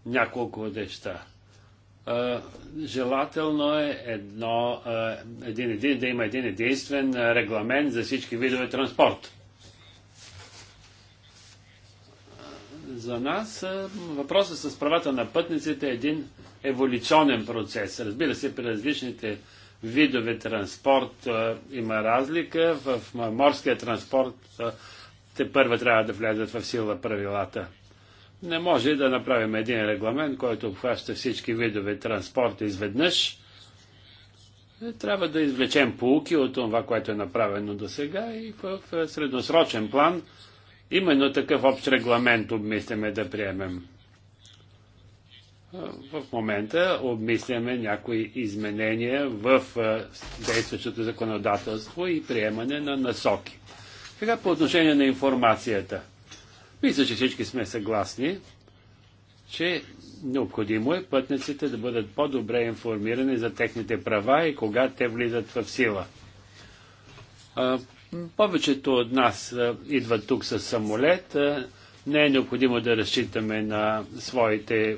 A: няколко неща. Е, желателно е едно, е, един, един, да има един единствен регламент за всички видове транспорт. За нас въпросът с правата на пътниците е един еволюционен процес. Разбира се, при различните видове транспорт има разлика. В морския транспорт те първа трябва да влязат в сила правилата. Не може да направим един регламент, който обхваща всички видове транспорт изведнъж. Трябва да извлечем полуки от това, което е направено до сега и в средносрочен план именно такъв общ регламент обмисляме да приемем. В момента обмисляме някои изменения в действащото законодателство и приемане на насоки. Сега по отношение на информацията. Мисля, че всички сме съгласни, че необходимо е пътниците да бъдат по-добре информирани за техните права и кога те влизат в сила. А, повечето от нас а, идват тук с самолет. А, не е необходимо да разчитаме на своите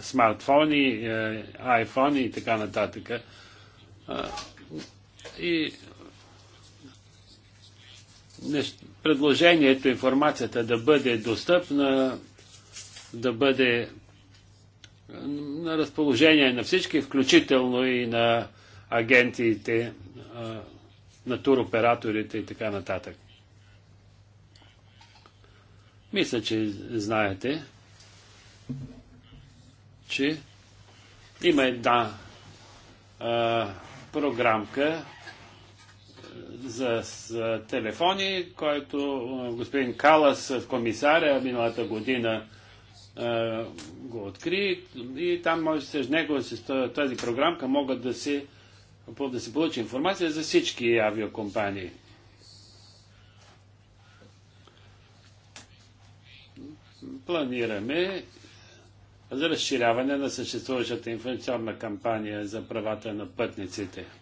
A: смартфони, айфони и така нататък. И предложението, информацията да бъде достъпна, да бъде на разположение на всички, включително и на агентите, на туроператорите и така нататък. Мисля, че знаете, че има една а, програмка, за, за телефони, който господин Калас, комисаря, миналата година го откри и там може с него, с тази програмка могат да се, да се получи информация за всички авиокомпании. Планираме за разширяване на съществуващата информационна кампания за правата на пътниците –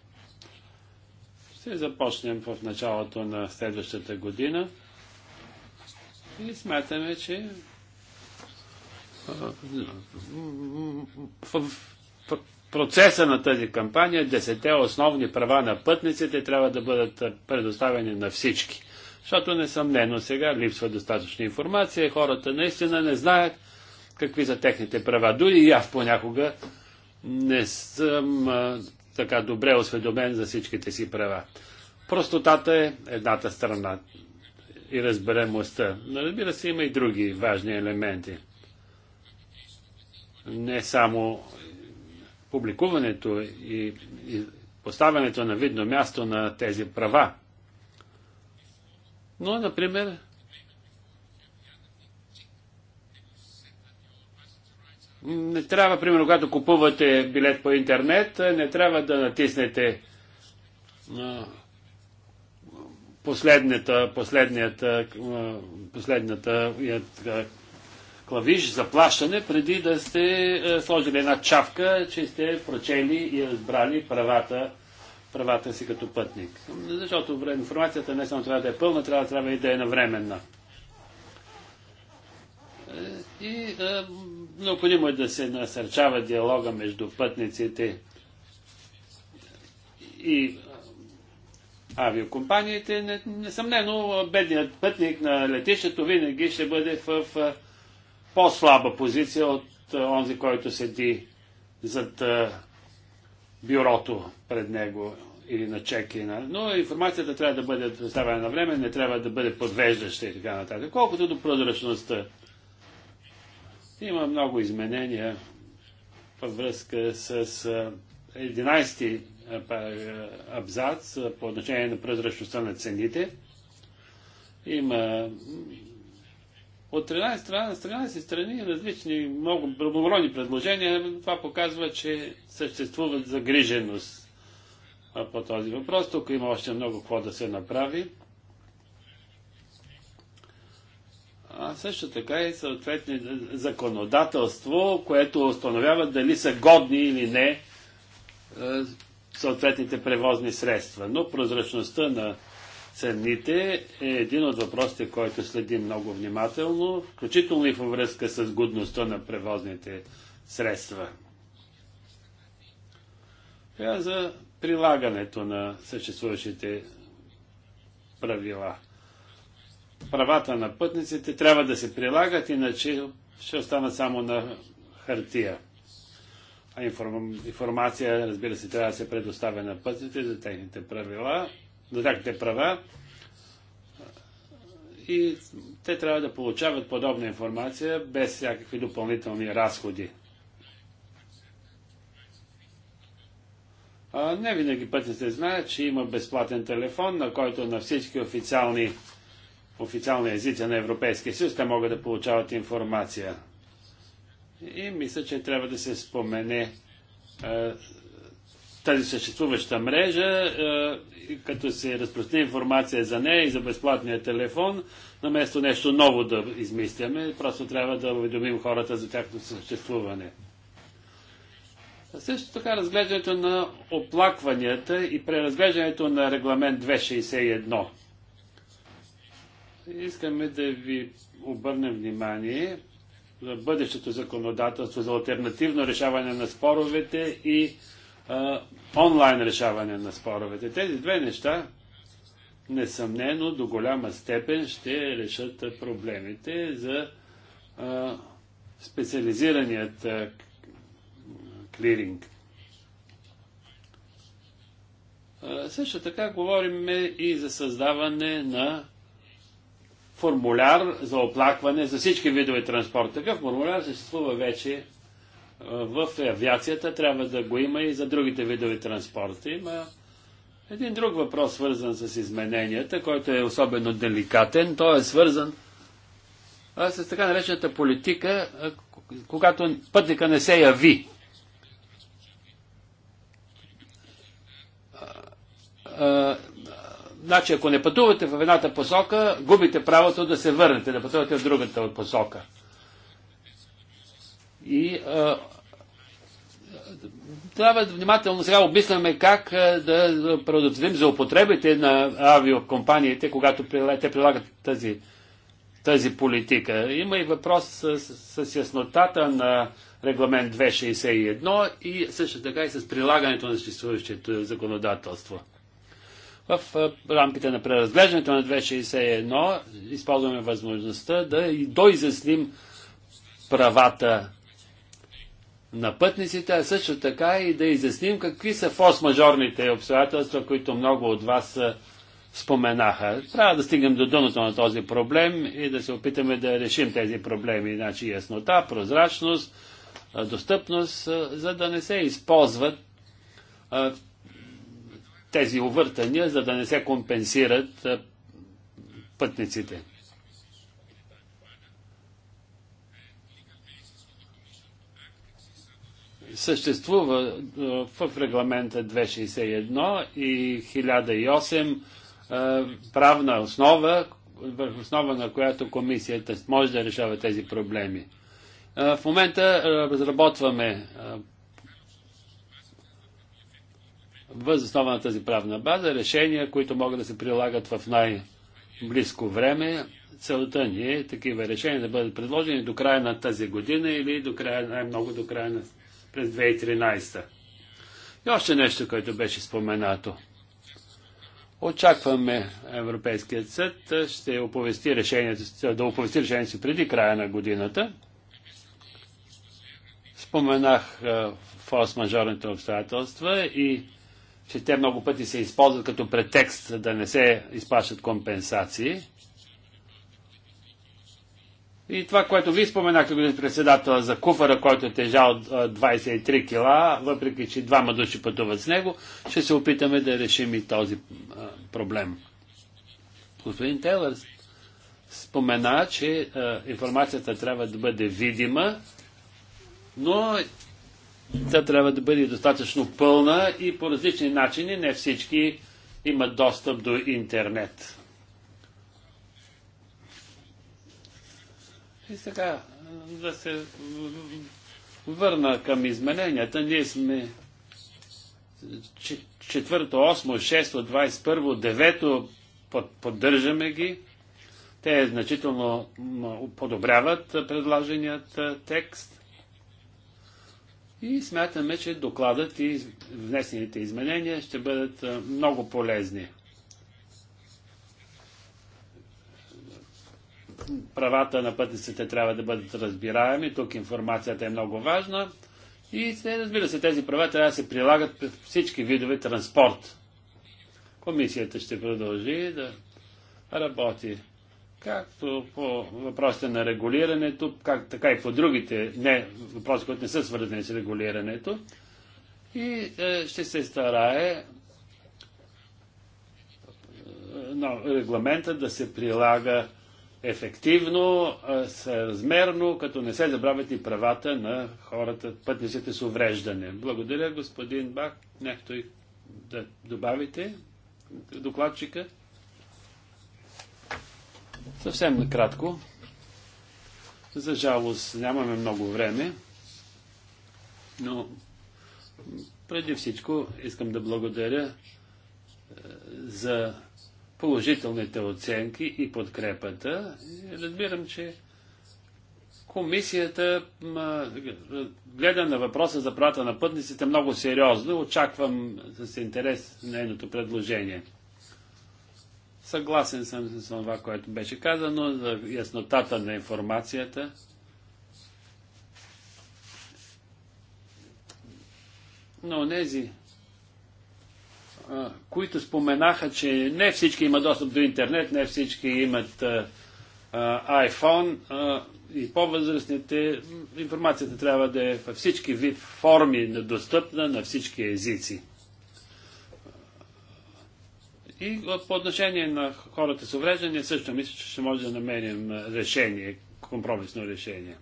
A: ще започнем в началото на следващата година и смятаме, че в процеса на тази кампания десете основни права на пътниците трябва да бъдат предоставени на всички. Защото несъмнено сега липсва достатъчна информация и хората наистина не знаят какви са техните права. Дори и аз понякога не съм така добре осведомен за всичките си права. Простотата е едната страна и разберемостта. Но разбира се, има и други важни елементи. Не само публикуването и, и поставянето на видно място на тези права, но, например, Не трябва, примерно, когато купувате билет по интернет, не трябва да натиснете последната, последната, последната клавиш за плащане, преди да сте сложили една чавка, че сте прочели и разбрали правата, правата си като пътник. Защото информацията не само трябва да е пълна, трябва, трябва и да е навременна. Е, и Необходимо е да се насърчава диалога между пътниците и авиокомпаниите. Несъмнено, бедният пътник на летището винаги ще бъде в по-слаба позиция от онзи, който седи зад бюрото пред него или на чекина. Но информацията трябва да бъде представена на време, не трябва да бъде подвеждаща и така нататък. Колкото до прозрачността, има много изменения във връзка с 11-ти абзац по отношение на прозрачността на цените. Има от 13 страна, 13 страни различни, много разнообразни предложения. Това показва, че съществува загриженост по този въпрос. Тук има още много какво да се направи. а също така и съответни законодателство, което установява дали са годни или не е, съответните превозни средства. Но прозрачността на цените е един от въпросите, който следим много внимателно, включително и във връзка с годността на превозните средства. Сега за прилагането на съществуващите правила – правата на пътниците трябва да се прилагат, иначе ще останат само на хартия. А информация, разбира се, трябва да се предоставя на пътните за техните правила, за техните права. И те трябва да получават подобна информация без всякакви допълнителни разходи. А не винаги пътните знаят, че има безплатен телефон, на който на всички официални официални езици на Европейския съюз, те могат да получават информация. И мисля, че трябва да се спомене е, тази съществуваща мрежа, е, като се разпространи информация за нея и за безплатния телефон, наместо нещо ново да измисляме, просто трябва да уведомим хората за тяхното съществуване. Също така разглеждането на оплакванията и преразглеждането на регламент 261 Искаме да ви обърнем внимание за бъдещето законодателство, за альтернативно решаване на споровете и а, онлайн решаване на споровете. Тези две неща несъмнено до голяма степен ще решат проблемите за а, специализираният а, клиринг. А, също така говорим и за създаване на формуляр за оплакване за всички видове транспорт. Такъв формуляр съществува вече в авиацията, трябва да го има и за другите видове транспорт. Има един друг въпрос, свързан с измененията, който е особено деликатен. Той е свързан с така наречената политика, когато пътника не се яви. Значи, ако не пътувате в едната посока, губите правото да се върнете, да пътувате в другата посока. И а, трябва внимателно сега обмисляме как а, да предотвратим за употребите на авиокомпаниите, когато те прилагат тази, тази политика. Има и въпрос с, с, с яснотата на регламент 261 и също така и с прилагането на съществуващото законодателство. В рамките на преразглеждането на 261 използваме възможността да и доизясним правата на пътниците, а също така и да изясним какви са форс-мажорните обстоятелства, които много от вас споменаха. Трябва да стигнем до дъното на този проблем и да се опитаме да решим тези проблеми. Значи яснота, прозрачност, достъпност, за да не се използват тези увъртания, за да не се компенсират пътниците. Съществува в регламента 261 и 1008 правна основа, върху основа на която комисията може да решава тези проблеми. В момента разработваме въз основа на тази правна база решения, които могат да се прилагат в най-близко време. Целта ни е такива решения да бъдат предложени до края на тази година или до края, най-много до края на през 2013. И още нещо, което беше споменато. Очакваме Европейският съд ще оповести решението, да оповести решението си преди края на годината. Споменах форс-мажорните обстоятелства и че те много пъти се използват като претекст, да не се изплащат компенсации. И това, което ви споменахте, господин председател, за куфара, който е тежал 23 кила, въпреки че двама души пътуват с него, ще се опитаме да решим и този проблем. Господин Тейлър спомена, че информацията трябва да бъде видима, но тя трябва да бъде достатъчно пълна и по различни начини не всички имат достъп до интернет. И сега да се върна към измененията. Ние сме четвърто, осмо, шесто, 21, девето поддържаме ги. Те значително подобряват предложеният текст. И смятаме, че докладът и внесените изменения ще бъдат много полезни. Правата на пътниците трябва да бъдат разбираеми, тук информацията е много важна. И разбира се, тези права трябва да се прилагат при всички видове транспорт. Комисията ще продължи да работи както по въпросите на регулирането, как, така и по другите не, въпроси, които не са свързани с регулирането. И е, ще се старае е, но, регламента да се прилага ефективно, е, съразмерно, като не се забравят и правата на хората, пътниците с увреждане. Благодаря, господин Бак. Някой да добавите докладчика? Съвсем накратко. За жалост нямаме много време, но преди всичко искам да благодаря е, за положителните оценки и подкрепата. Разбирам, че комисията гледа на въпроса за правата на пътниците много сериозно. Очаквам с интерес нейното предложение. Съгласен съм с това, което беше казано, за яснотата на информацията. Но тези, които споменаха, че не всички имат достъп до интернет, не всички имат iPhone и по-възрастните, информацията трябва да е във всички вид форми недостъпна на всички езици. И по отношение на хората с увреждания също мисля, че ще може да намерим решение, компромисно решение.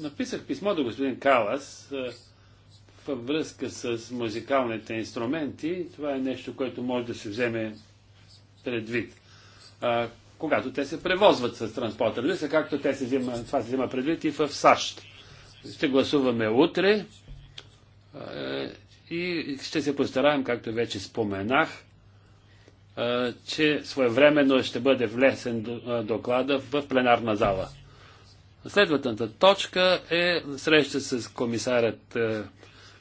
A: Написах писмо до господин Калас във връзка с музикалните инструменти. Това е нещо, което може да се вземе предвид когато те се превозват с транспорта. Разбира се, както те се взима, това се взима предвид и в САЩ. Ще гласуваме утре е, и ще се постараем, както вече споменах, е, че своевременно ще бъде влесен е, доклада в пленарна зала. Следващата точка е среща с комисарят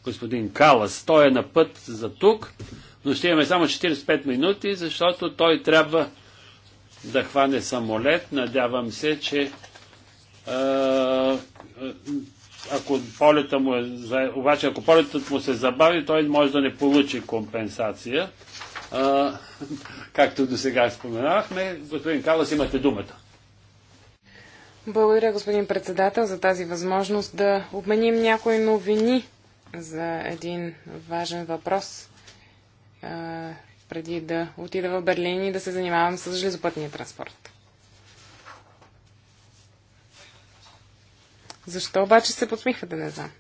A: господин Калас. Той е на път за тук, но ще имаме само 45 минути, защото той трябва да хване самолет. Надявам се, че ако полета му е, обаче ако полетът му се забави, той може да не получи компенсация. А, както до сега споменахме, господин Калас, имате думата.
B: Благодаря, господин председател, за тази възможност да обменим някои новини за един важен въпрос преди да отида в Берлин и да се занимавам с железопътния транспорт. Защо обаче се подсмихвате, да не знам.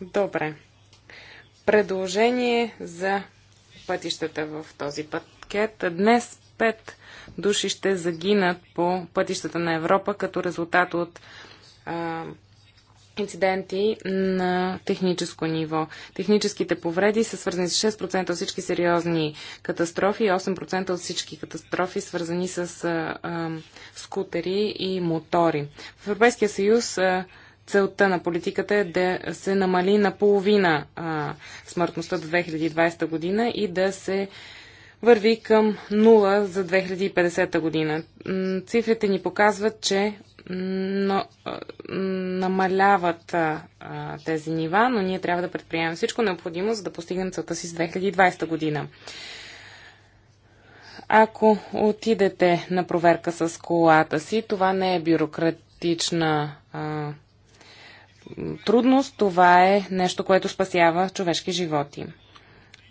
B: Добре. Предложение за пътищата в този пакет. Днес пет души ще загинат по пътищата на Европа като резултат от а, инциденти на техническо ниво. Техническите повреди са свързани с 6% от всички сериозни катастрофи и 8% от всички катастрофи, свързани с а, а, скутери и мотори. В Европейския съюз а, целта на политиката е да се намали наполовина а, смъртността до 2020 година и да се върви към нула за 2050 година. Цифрите ни показват, че но, намаляват а, тези нива, но ние трябва да предприемем всичко необходимо, за да постигнем целта си с 2020 година. Ако отидете на проверка с колата си, това не е бюрократична а, трудност, това е нещо, което спасява човешки животи.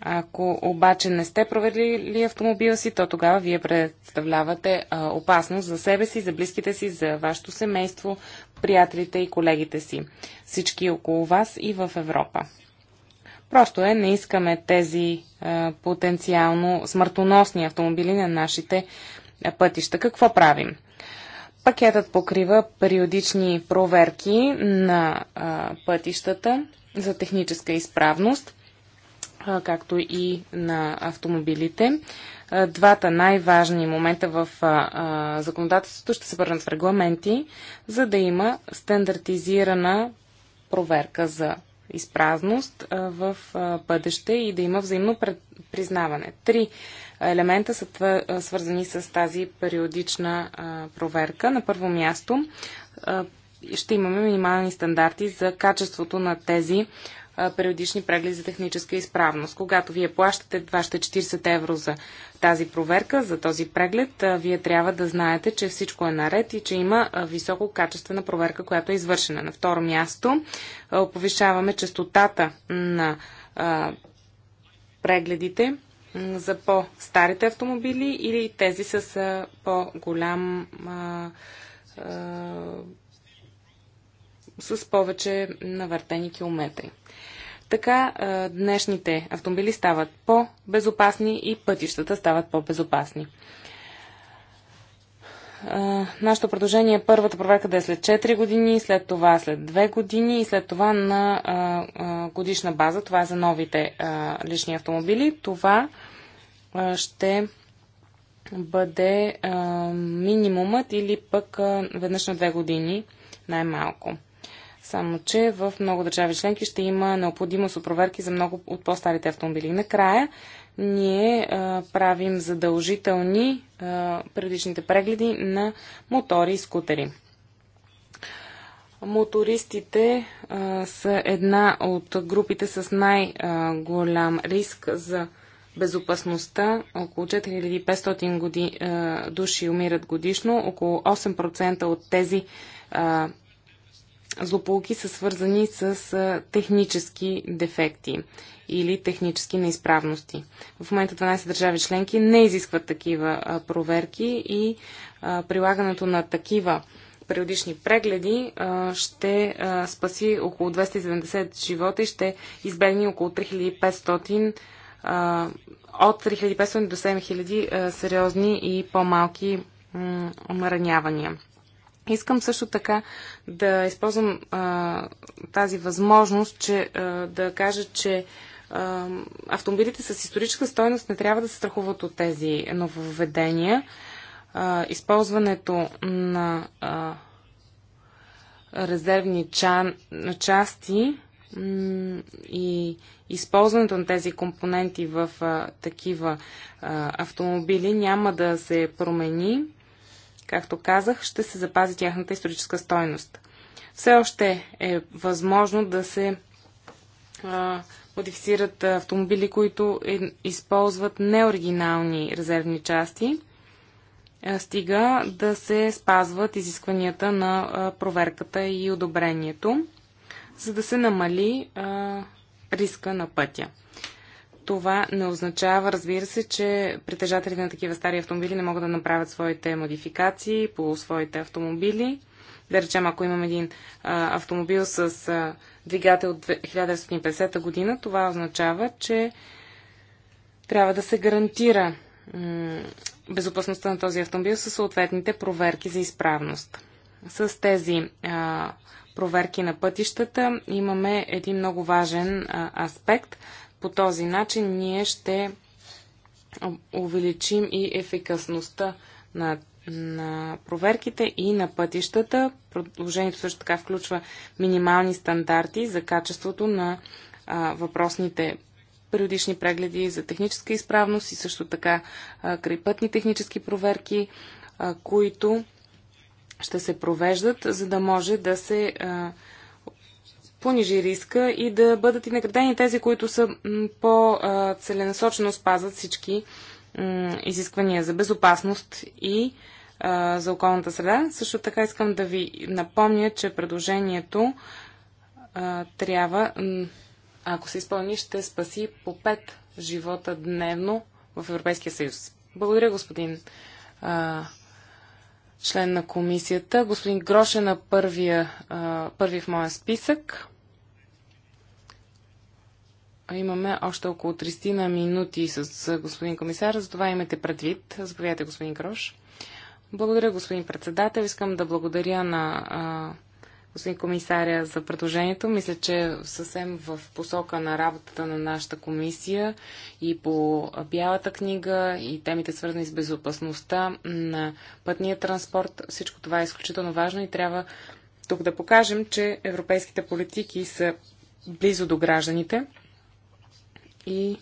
B: Ако обаче не сте проверили автомобила си, то тогава вие представлявате а, опасност за себе си, за близките си, за вашето семейство, приятелите и колегите си, всички около вас и в Европа. Просто е, не искаме тези а, потенциално смъртоносни автомобили на нашите а, пътища. Какво правим? Пакетът покрива периодични проверки на а, пътищата за техническа изправност – както и на автомобилите. Двата най-важни момента в законодателството ще се върнат в регламенти, за да има стандартизирана проверка за изпразност в бъдеще и да има взаимно признаване. Три елемента са свързани с тази периодична проверка. На първо място ще имаме минимални стандарти за качеството на тези периодични прегледи за техническа изправност. Когато вие плащате 240 евро за тази проверка, за този преглед, вие трябва да знаете, че всичко е наред и че има високо качествена проверка, която е извършена. На второ място повишаваме частотата на прегледите за по-старите автомобили или тези с по-голям с повече навъртени километри. Така днешните автомобили стават по-безопасни и пътищата стават по-безопасни. Нашето предложение е първата проверка да е след 4 години, след това след 2 години и след това на годишна база. Това е за новите лични автомобили. Това ще бъде минимумът или пък веднъж на 2 години най-малко. Само, че в много държави членки ще има необходимост от проверки за много от по-старите автомобили. Накрая ние а, правим задължителни а, предишните прегледи на мотори и скутери. Мотористите а, са една от групите с най-голям риск за безопасността. Около 4500 а, души умират годишно. Около 8% от тези а, злополуки са свързани с технически дефекти или технически неизправности. В момента 12 държави членки не изискват такива проверки и прилагането на такива периодични прегледи ще спаси около 270 живота и ще избегне около 3500 от 3500 до 7000 сериозни и по-малки наранявания. Искам също така да използвам а, тази възможност, че а, да кажа, че а, автомобилите с историческа стойност не трябва да се страхуват от тези нововведения. А, използването на а, резервни ча, части и използването на тези компоненти в а, такива а, автомобили няма да се промени Както казах, ще се запази тяхната историческа стойност. Все още е възможно да се а, модифицират автомобили, които е, използват неоригинални резервни части, а, стига да се спазват изискванията на а, проверката и одобрението, за да се намали а, риска на пътя. Това не означава, разбира се, че притежателите на такива стари автомобили не могат да направят своите модификации по своите автомобили. Да речем, ако имам един а, автомобил с а, двигател от 1950 година, това означава, че трябва да се гарантира безопасността на този автомобил със съответните проверки за изправност. С тези а, проверки на пътищата имаме един много важен а, аспект, по този начин ние ще увеличим и ефикасността на, на проверките и на пътищата. Продължението също така включва минимални стандарти за качеството на а, въпросните периодични прегледи за техническа изправност и също така а, крайпътни технически проверки, а, които ще се провеждат, за да може да се а, понижи риска и да бъдат и наградени тези, които са по-целенасочено спазват всички изисквания за безопасност и за околната среда. Също така искам да ви напомня, че предложението трябва, ако се изпълни, ще спаси по 5 живота дневно в Европейския съюз. Благодаря, господин член на комисията. Господин Грош е на първия, а, първи в моя списък. Имаме още около 30 на минути с господин комисар, затова имате предвид. Заповядайте, господин Грош. Благодаря, господин председател. Искам да благодаря на а, господин комисаря, за предложението. Мисля, че е съвсем в посока на работата на нашата комисия и по Бялата книга и темите свързани с безопасността на пътния транспорт, всичко това е изключително важно и трябва тук да покажем, че европейските политики са близо до гражданите и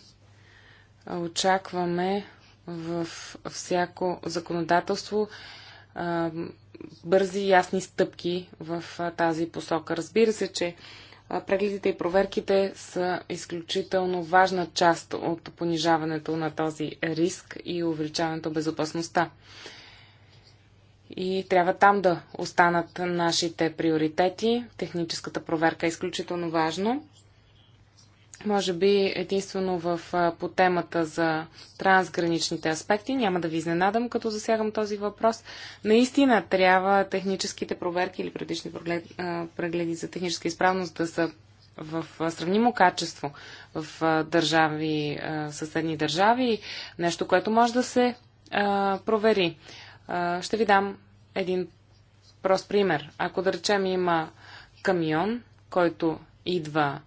B: очакваме в всяко законодателство бързи и ясни стъпки в тази посока. Разбира се, че прегледите и проверките са изключително важна част от понижаването на този риск и увеличаването безопасността. И трябва там да останат нашите приоритети. Техническата проверка е изключително важно. Може би единствено в, по темата за трансграничните аспекти. Няма да ви изненадам, като засягам този въпрос. Наистина трябва техническите проверки или предишни прегледи за техническа изправност да са в сравнимо качество в държави, съседни държави, нещо, което може да се провери. ще ви дам един прост пример. Ако да речем има камион, който идва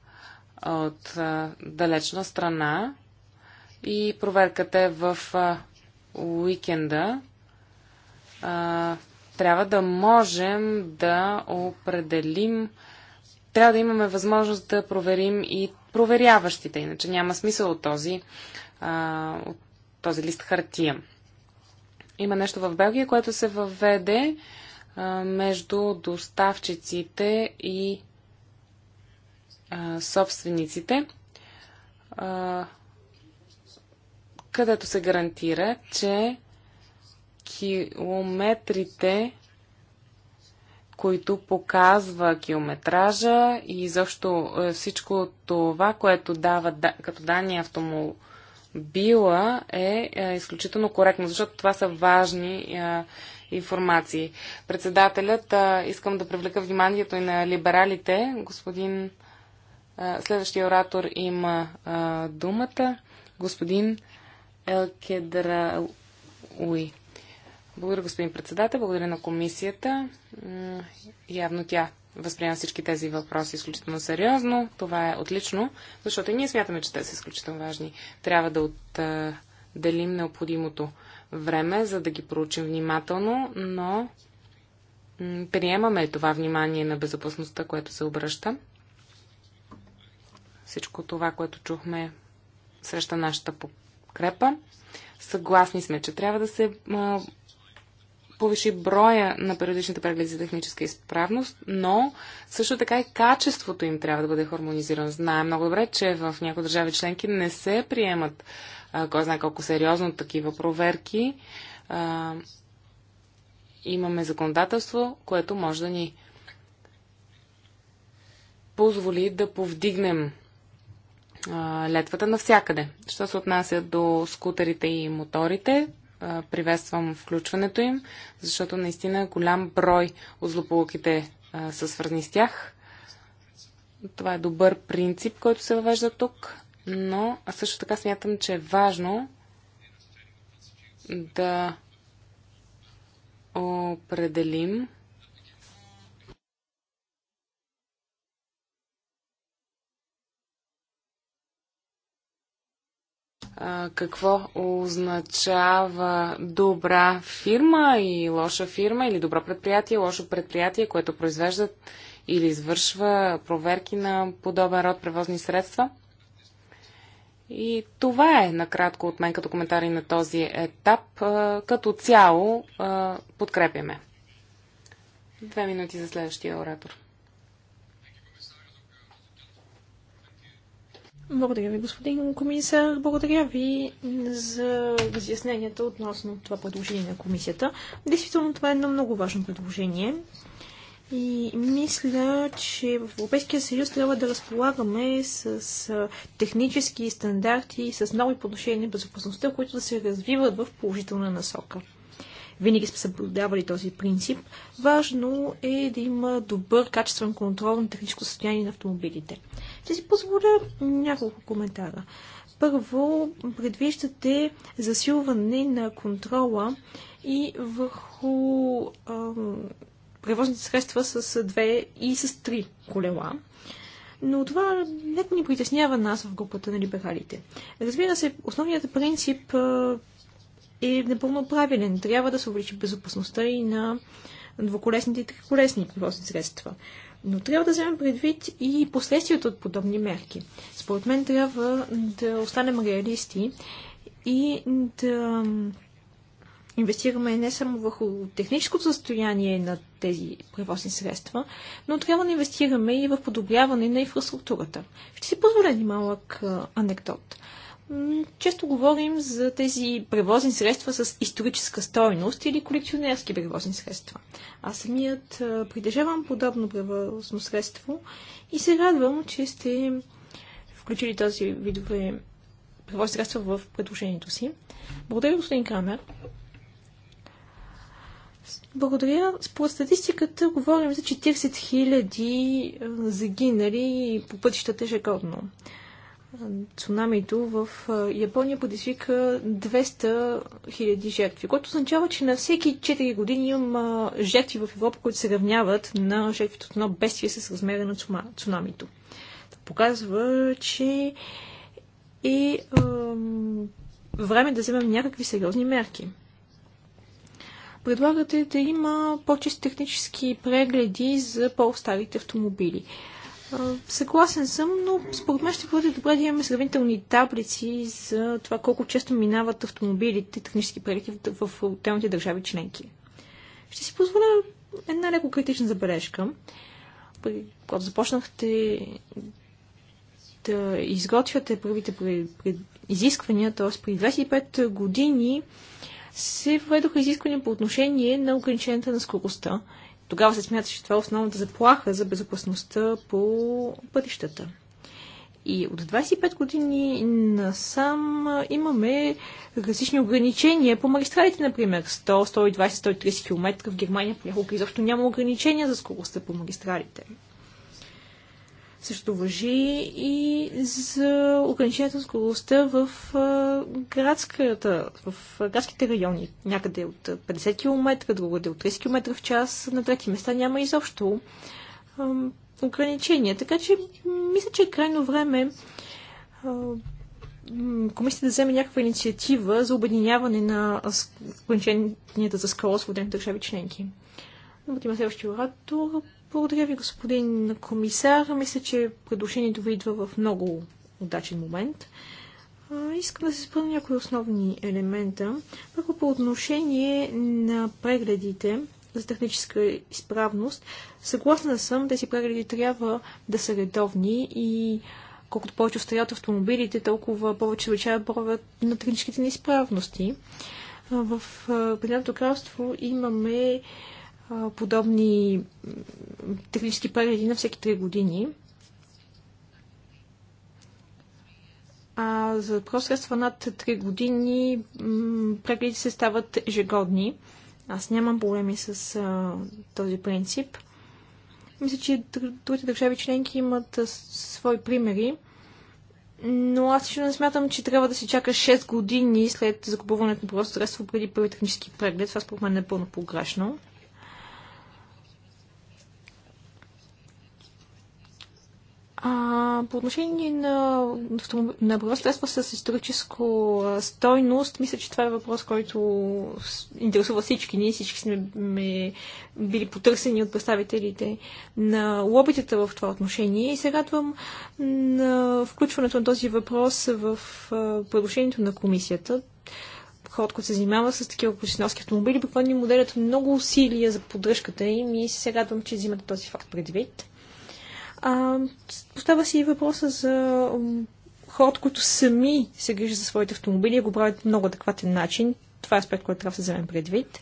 B: от а, далечна страна и проверката е в а, уикенда. А, трябва да можем да определим, трябва да имаме възможност да проверим и проверяващите, иначе няма смисъл от този, а, от този лист хартия. Има нещо в Белгия, което се въведе а, между доставчиците и собствениците, а, където се гарантира, че километрите, които показва километража и изобщо е, всичко това, което дава като данни автомобила, е, е, изключително коректно, защото това са важни е, информации. Председателят, искам да привлека вниманието и на либералите, господин Следващия оратор има а, думата. Господин Елкедра Уи. Благодаря, господин председател. Благодаря на комисията. Явно тя възприема всички тези въпроси изключително сериозно. Това е отлично, защото и ние смятаме, че те са изключително важни. Трябва да отделим необходимото време, за да ги проучим внимателно, но приемаме това внимание на безопасността, което се обръща всичко това, което чухме, среща нашата подкрепа. Съгласни сме, че трябва да се повиши броя на периодичните прегледи за техническа изправност, но също така и качеството им трябва да бъде хармонизирано. Знаем много добре, че в някои държави членки не се приемат кой знае колко сериозно такива проверки. имаме законодателство, което може да ни позволи да повдигнем летвата навсякъде. Що се отнася до скутерите и моторите, приветствам включването им, защото наистина голям брой от злополуките са свързани с тях. Това е добър принцип, който се въвежда тук, но също така смятам, че е важно да определим какво означава добра фирма и лоша фирма или добро предприятие, лошо предприятие, което произвеждат или извършва проверки на подобен род превозни средства. И това е накратко от мен като коментари на този етап. Като цяло подкрепяме. Две минути за следващия оратор.
C: Благодаря ви, господин комисар. Благодаря ви за разясненията относно това предложение на комисията. Действително това е едно много важно предложение. И мисля, че в Европейския съюз трябва да разполагаме с технически стандарти и с нови подношения на безопасността, които да се развиват в положителна насока винаги сме съблюдавали този принцип. Важно е да има добър качествен контрол на техническо състояние на автомобилите. Ще си позволя няколко коментара. Първо, предвиждате засилване на контрола и върху превозните средства с две и с три колела. Но това не ни притеснява нас в групата на либералите. Разбира се, основният принцип е напълно правилен. Трябва да се увеличи безопасността и на двуколесните и триколесни превозни средства. Но трябва да вземем предвид и последствията от подобни мерки. Според мен трябва да останем реалисти и да инвестираме не само върху техническото състояние на тези превозни средства, но трябва да инвестираме и в подобряване на инфраструктурата. Ще си позволя един малък анекдот. Често говорим за тези превозни средства с историческа стойност или колекционерски превозни средства. Аз самият притежавам подобно превозно средство и се радвам, че сте включили този видове превозни средства в предложението си. Благодаря, господин Крамер. Благодаря. Според статистиката говорим за 40 000 загинали по пътищата ежегодно цунамито в Япония подизвика 200 000 жертви, което означава, че на всеки 4 години има жертви в Европа, които се равняват на жертвите от едно бествие с размера на цунамито. Това показва, че е време да вземем някакви сериозни мерки. Предлагате да има по чести технически прегледи за по-старите автомобили. Съгласен съм, но според мен ще бъде добре да имаме сравнителни таблици за това колко често минават автомобилите, технически прелети в, отделните държави членки. Ще си позволя една леко критична забележка. Когато започнахте да изготвяте първите изисквания, т.е. при 25 години, се введоха изисквания по отношение на ограниченията на скоростта. Тогава се смята, че това е основната заплаха за безопасността по пътищата. И от 25 години насам имаме различни ограничения по магистралите, например 100, 120, 130 км. В Германия понякога изобщо няма ограничения за скоростта по магистралите. Също въжи и за ограничението на скоростта в, в градските райони. Някъде от 50 км, другаде от 30 км в час, на трети места няма изобщо ограничения. Така че мисля, че е крайно време комисията да вземе някаква инициатива за обединяване на ограниченията за скорост в отделните държави членки. Но има следващия оратор. Благодаря ви, господин комисар. Мисля, че предложението ви идва в много удачен момент. Искам да се спра някои основни елемента. Първо по отношение на прегледите за техническа изправност. Съгласна съм, тези прегледи трябва да са редовни и колкото повече устарят автомобилите, толкова повече увеличава броят на техническите неизправности. В Обединеното кралство имаме подобни технически прегледи на всеки 3 години. А за просредства над 3 години прегледи се стават ежегодни. Аз нямам проблеми с а, този принцип. Мисля, че другите държави членки имат а, свои примери, но аз лично не смятам, че трябва да се чака 6 години след закупуването на просто средство преди първи технически преглед. Това според мен е пълно погрешно. А, по отношение на, на превоз средства с историческо стойност, мисля, че това е въпрос, който интересува всички. Ние всички сме ме, били потърсени от представителите на лобитата в това отношение и се радвам на включването на този въпрос в предложението на комисията ход, който се занимава с такива количественски автомобили, буквално им моделят много усилия за поддръжката им и се радвам, че взимате този факт предвид. А, поставя си и въпроса за хората, които сами се грижат за своите автомобили и го правят по много адекватен начин. Това е аспект, който трябва да се вземем предвид.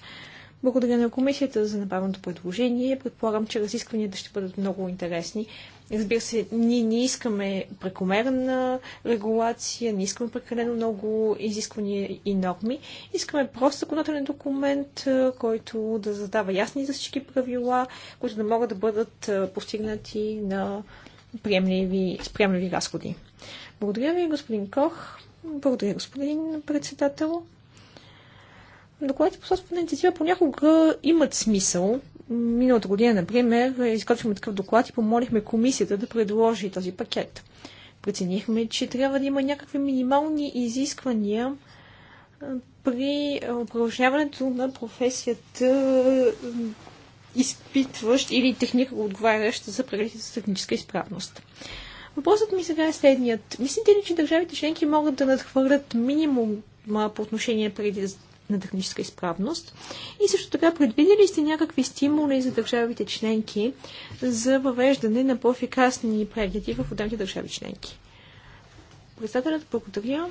C: Благодаря на комисията за направеното предложение. Предполагам, че разискванията ще бъдат много интересни. Разбира се, ние не искаме прекомерна регулация, не искаме прекалено много изисквания и норми. Искаме прост законодателен документ, който да задава ясни за всички правила, които да могат да бъдат постигнати на приемливи, с приемливи разходи. Благодаря ви, господин Кох. Благодаря, господин председател докладите по собствена инициатива понякога имат смисъл. Миналата година, например, изкочихме такъв доклад и помолихме комисията да предложи този пакет. Преценихме, че трябва да има някакви минимални изисквания при упражняването на професията изпитващ или техника, отговарящ за прегледите за техническа изправност. Въпросът ми сега е следният. Мислите ли, че държавите членки могат да надхвърлят минимум по отношение на техническа изправност? И също така, предвидели сте някакви стимули за държавите членки за въвеждане на по-ефикасни прегледи в отделните държави членки? Председателят, благодаря.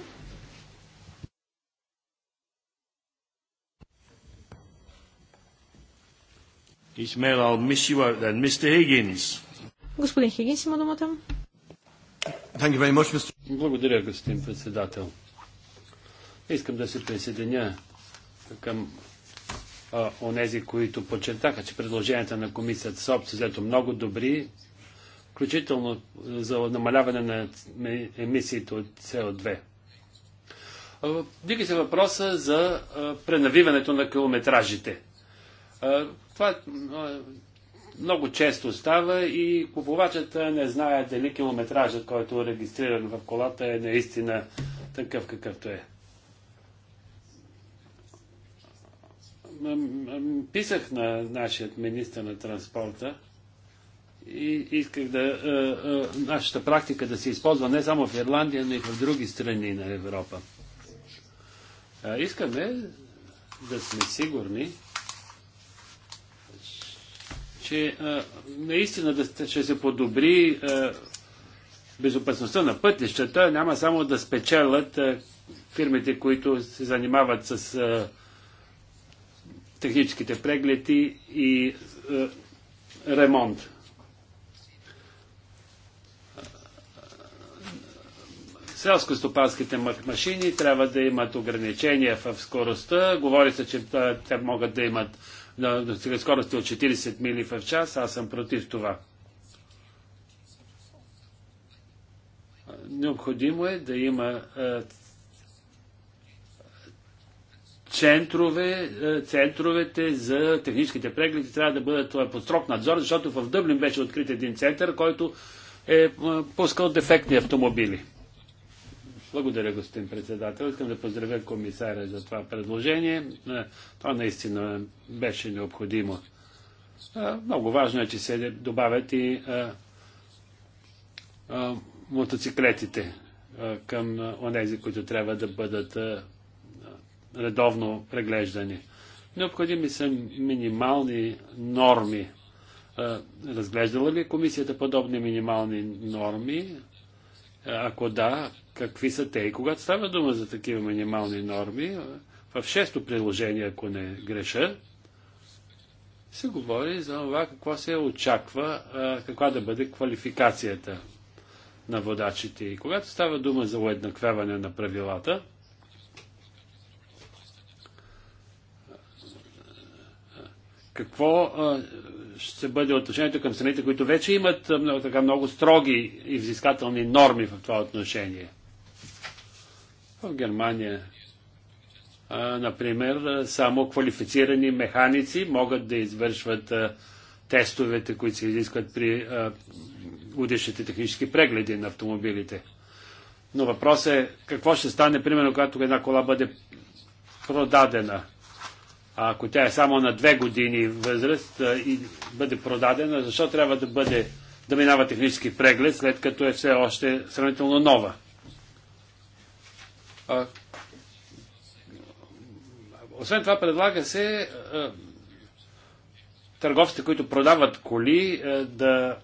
A: Ismail Mr. Higgins.
C: Господин Хигинс има думата.
A: Благодаря, господин председател. Искам да се присъединя към а, онези, които подчертаха, че предложенията на комисията са общо взето много добри, включително за намаляване на е, емисиите от СО2. Дига се въпроса за а, пренавиването на километражите. А, това много често става и купувачата не знае дали километражът, който е регистриран в колата е наистина такъв какъвто е. писах на нашия министр на транспорта и исках да е, е, нашата практика да се използва не само в Ирландия, но и в други страни на Европа. искаме да сме сигурни, че е, наистина да, ще се подобри безопасността на пътищата, няма само да спечелят фирмите, които се занимават с а, техническите прегледи и е, ремонт. Селско-стопанските машини трябва да имат ограничения в скоростта. Говори се, че те могат да имат скорости от 40 мили в час. Аз съм против това. Необходимо е да има е, центрове, е, центровете за техническите прегледи трябва да бъдат е, под строг надзор, защото в Дъблин беше открит един център, който е, е пускал дефектни автомобили. Благодаря, господин председател. Искам да поздравя комисаря за това предложение. Това наистина беше необходимо. Много важно е, че се добавят и мотоциклетите към онези, които трябва да бъдат редовно преглеждане. Необходими са минимални норми. Разглеждала ли комисията подобни минимални норми? Ако да, какви са те? И когато става дума за такива минимални норми, в шесто приложение, ако не греша, се говори за това какво се очаква, каква да бъде квалификацията на водачите. И когато става дума за уеднаквяване на правилата, какво ще бъде отношението към страните, които вече имат много, така, много строги и взискателни норми в това отношение. В Германия, например, само квалифицирани механици могат да извършват тестовете, които се изискват при годишните технически прегледи на автомобилите. Но въпросът е какво ще стане, примерно, когато една кола бъде продадена – а ако тя е само на две години възраст и бъде продадена, защо трябва да бъде да минава технически преглед, след като е все още сравнително нова? А, освен това предлага се а, търговците, които продават коли, а, да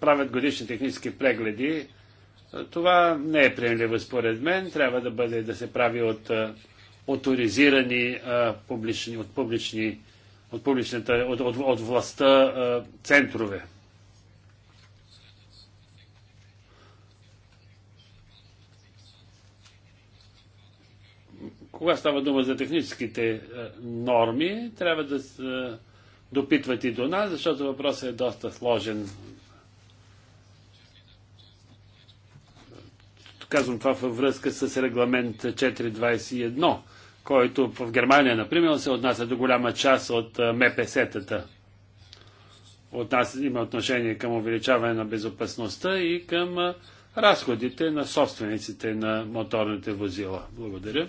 A: правят годишни технически прегледи. Това не е приемливо според мен. Трябва да бъде да се прави от авторизирани а, публични, от, публични, от, публичната, от, от, от властта а, центрове. Кога става дума за техническите а, норми, трябва да се допитват и до нас, защото въпросът е доста сложен. Казвам това във връзка с регламент 421 който в Германия, например, се отнася до голяма част от МПС-тата. От нас има отношение към увеличаване на безопасността и към разходите на собствениците на моторните возила. Благодаря.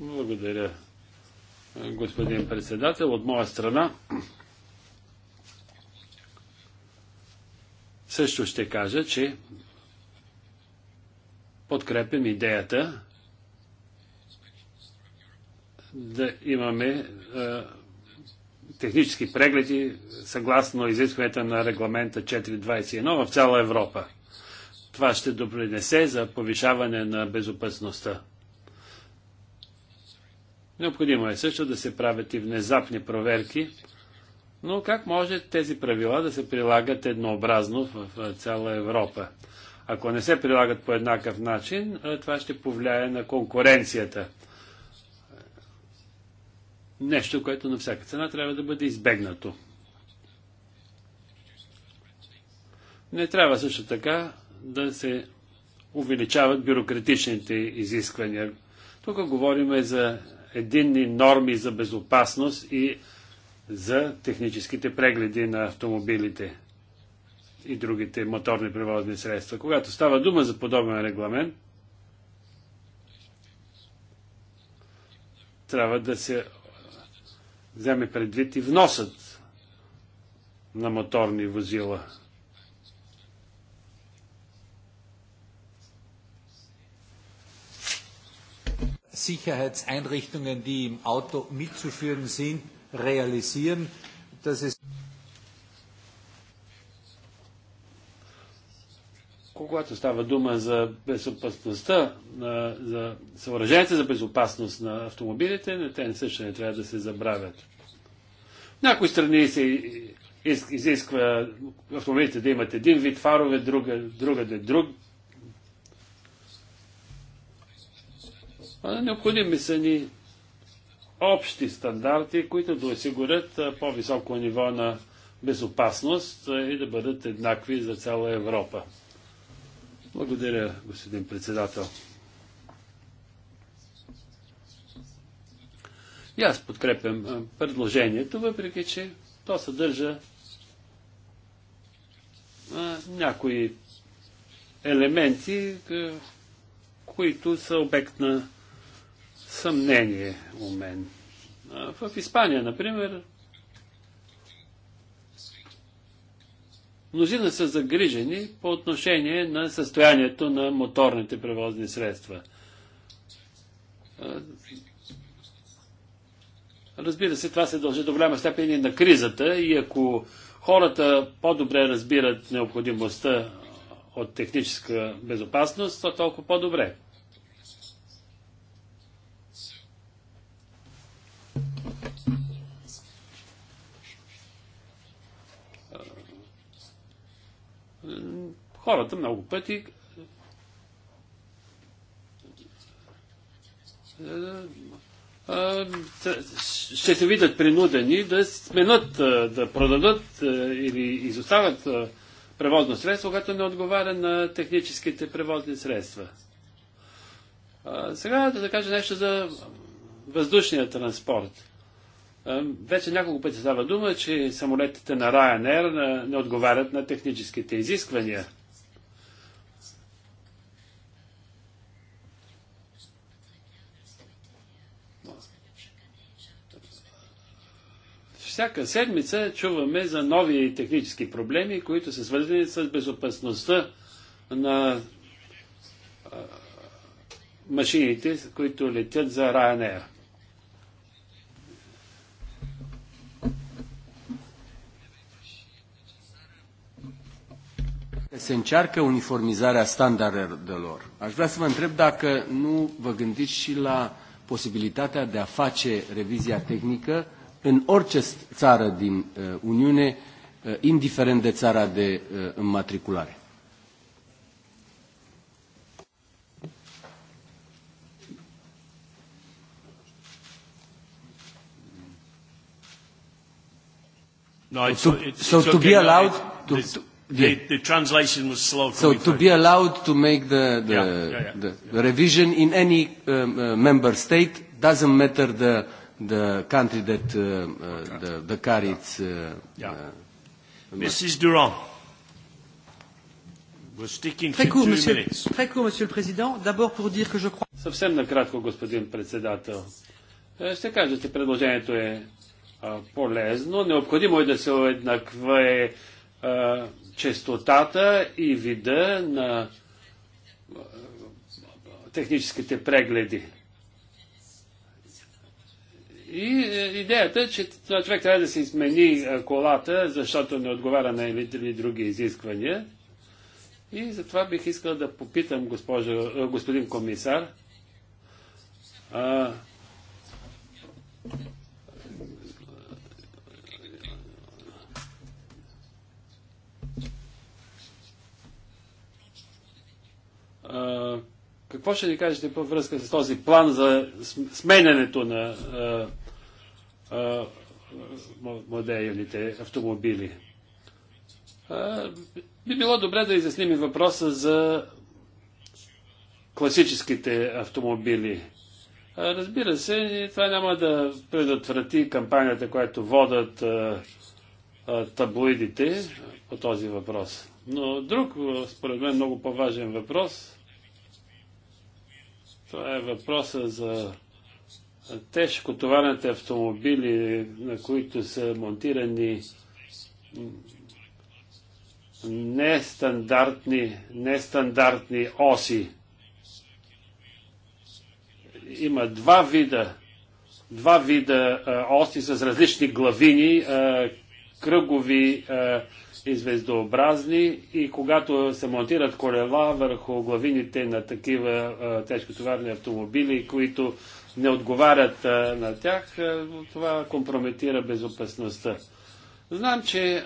A: Благодаря, господин председател. От моя страна също ще кажа, че подкрепям идеята да имаме а, е, технически прегледи съгласно изискванията на регламента 421 в цяла Европа. Това ще допринесе за повишаване на безопасността. Необходимо е също да се правят и внезапни проверки, но как може тези правила да се прилагат еднообразно в цяла Европа? Ако не се прилагат по еднакъв начин, е, това ще повлияе на конкуренцията нещо, което на всяка цена трябва да бъде избегнато. Не трябва също така да се увеличават бюрократичните изисквания. Тук говорим за единни норми за безопасност и за техническите прегледи на автомобилите и другите моторни превозни средства. Когато става дума за подобен регламент, трябва да се вземе предвид и вносът на моторни возила.
C: Sicherheitseinrichtungen, die im Auto mitzuführen sind, realisieren, dass es
A: когато става дума за безопасността, на, за съоръженията за безопасност на автомобилите, на те също не трябва да се забравят. В някои страни се изисква автомобилите да имат един вид фарове, друга, друга да е друг. Необходими са ни общи стандарти, които да осигурят по-високо ниво на безопасност и да бъдат еднакви за цяла Европа. Благодаря, господин председател. И аз подкрепям предложението, въпреки че то съдържа а, някои елементи, които са обект на съмнение у мен. В Испания, например, Мнозина са загрижени по отношение на състоянието на моторните превозни средства. Разбира се, това се дължи до голяма степен и на кризата и ако хората по-добре разбират необходимостта от техническа безопасност, то толкова по-добре. Хората много пъти е, е, е, ще се видят принудени да сменят, да продадат или изоставят превозно средство, което не отговаря на техническите превозни средства. Сега да кажа нещо за въздушния транспорт. Вече няколко пъти става дума, че самолетите на Ryanair не отговарят на техническите изисквания. всяка седмица чуваме за нови технически проблеми, които са свързани с безопасността на а, машините, които летят за Ryanair. Se încearcă uniformizarea standardelor. Aș vrea să vă întreb dacă nu vă gândiți și la posibilitatea de a face revizia tehnică în orice țară din Uniune, indiferent de țara de înmatriculare. No, it's, it's, so it's to okay, be allowed to, to yeah. the, translation was slow. So to be allowed to make the the, yeah, yeah, yeah, the, revision in any um, uh, member state doesn't matter the the country that uh, uh, the, the car is. Uh, yeah. uh, Mrs. Durand. We're sticking two minutes. Très court, Monsieur le Président. D'abord pour dire que je crois. Съвсем накратко, господин председател. Е, ще кажа, че предложението е а, полезно. Необходимо е да се уеднаква честотата и вида на а, техническите прегледи. И е, идеята е, че това човек трябва да се измени е, колата, защото не отговаря на или други изисквания. И затова бих искал да попитам госпожа, е, господин комисар. А, а, какво ще ни кажете във връзка с този план за сменянето на а, Модейните автомобили. би било добре да изясним и въпроса за класическите автомобили. разбира се, това няма да предотврати кампанията, която водат таблоидите по този въпрос. Но друг, според мен, много по-важен въпрос, това е въпроса за тежкотоварните автомобили, на които са монтирани нестандартни, нестандартни оси. Има два вида, два вида а, оси с различни главини, а, кръгови а, и звездообразни и когато се монтират колела върху главините на такива тежкотоварни автомобили, които не отговарят на тях, това компрометира безопасността. Знам, че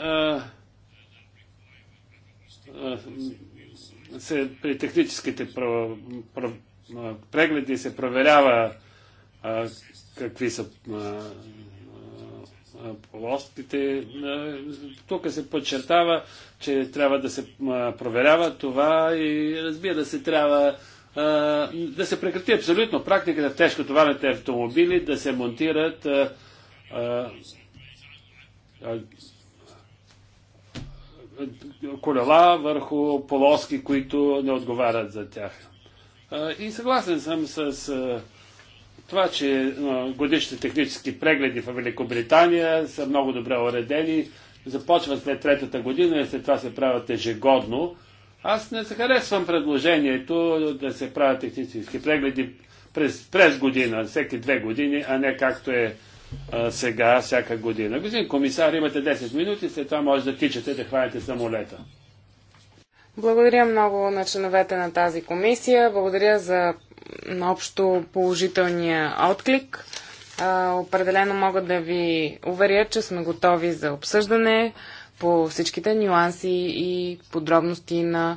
A: се, при техническите про, про, прегледи се проверява а, какви са а, полостките. Тук се подчертава, че трябва да се проверява това и разбира се, трябва да се прекрати абсолютно практиката в тежкотоварните автомобили да се монтират колела върху полоски, които не отговарят за тях. И съгласен съм с това, че годишните технически прегледи в Великобритания са много добре уредени, започват след третата година и след това се правят ежегодно аз не се харесвам предложението да се правят технически прегледи през, през година, всеки две години, а не както е а, сега, всяка година. Господин комисар, имате 10 минути, след това може да тичате, да хванете самолета.
B: Благодаря много на членовете на тази комисия. Благодаря за общо положителния отклик. А, определено мога да ви уверя, че сме готови за обсъждане по всичките нюанси и подробности на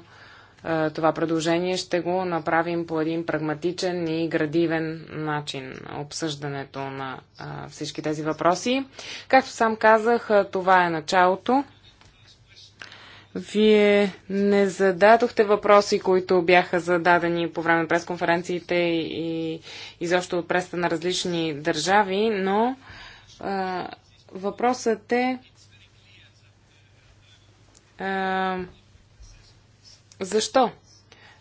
B: е, това предложение. Ще го направим по един прагматичен и градивен начин обсъждането на е, всички тези въпроси. Както сам казах, е, това е началото. Вие не зададохте въпроси, които бяха зададени по време на пресконференциите и изобщо от преста на различни държави, но а, е, въпросът е а, защо?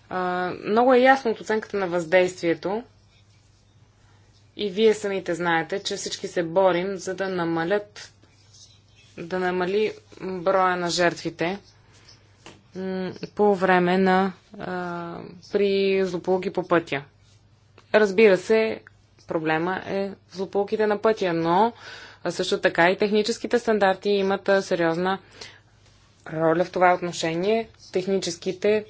B: А, много е ясно от оценката на въздействието и вие самите знаете, че всички се борим за да намалят да намали броя на жертвите по време на а, при злополуки по пътя. Разбира се, проблема е в злополуките на пътя, но също така и техническите стандарти имат сериозна роля в това отношение техническите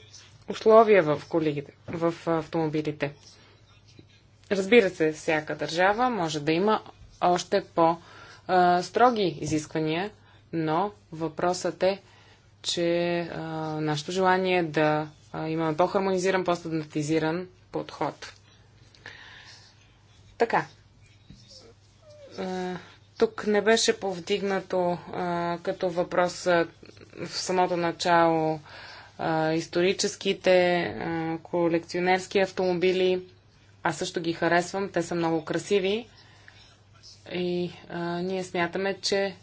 B: условия в колите, в автомобилите. Разбира се, всяка държава може да има още по-строги изисквания, но въпросът е, че а, нашето желание е да а, имаме по-хармонизиран, по-стандартизиран подход. Така. А, тук не беше повдигнато а, като въпрос в самото начало а, историческите а, колекционерски автомобили. Аз също ги харесвам, те са много красиви. И а, ние смятаме, че.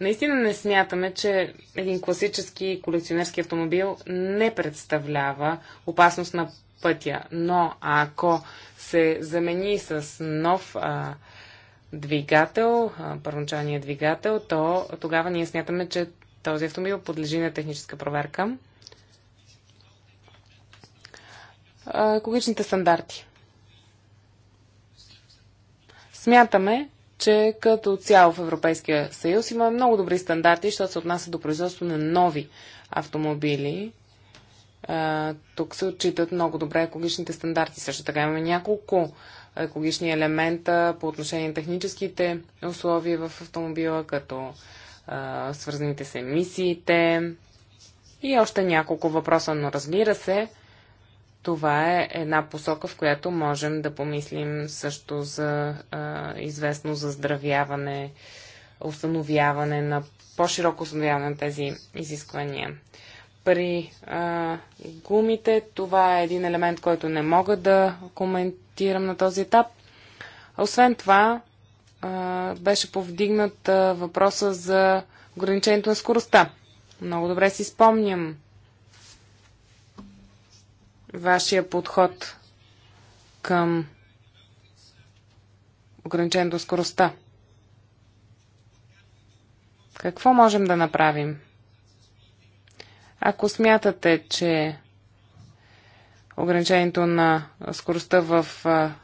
B: Наистина не смятаме, че един класически колекционерски автомобил не представлява опасност на пътя. Но ако се замени с нов а, двигател, първоначалният двигател, то тогава ние смятаме, че този автомобил подлежи на техническа проверка. Екологичните стандарти. Смятаме, че като цяло в Европейския съюз има много добри стандарти, защото се отнася до производство на нови автомобили. тук се отчитат много добре екологичните стандарти. Също така имаме няколко екологични елемента по отношение на техническите условия в автомобила, като свързаните с емисиите и още няколко въпроса, но разбира се, това е една посока, в която можем да помислим също за а, известно заздравяване, установяване на по-широко установяване на тези изисквания. При а, гумите това е един елемент, който не мога да коментирам на този етап. Освен това, беше повдигнат а, въпроса за ограничението на скоростта. Много добре си спомням вашия подход към ограничението на скоростта. Какво можем да направим? Ако смятате, че ограничението на скоростта в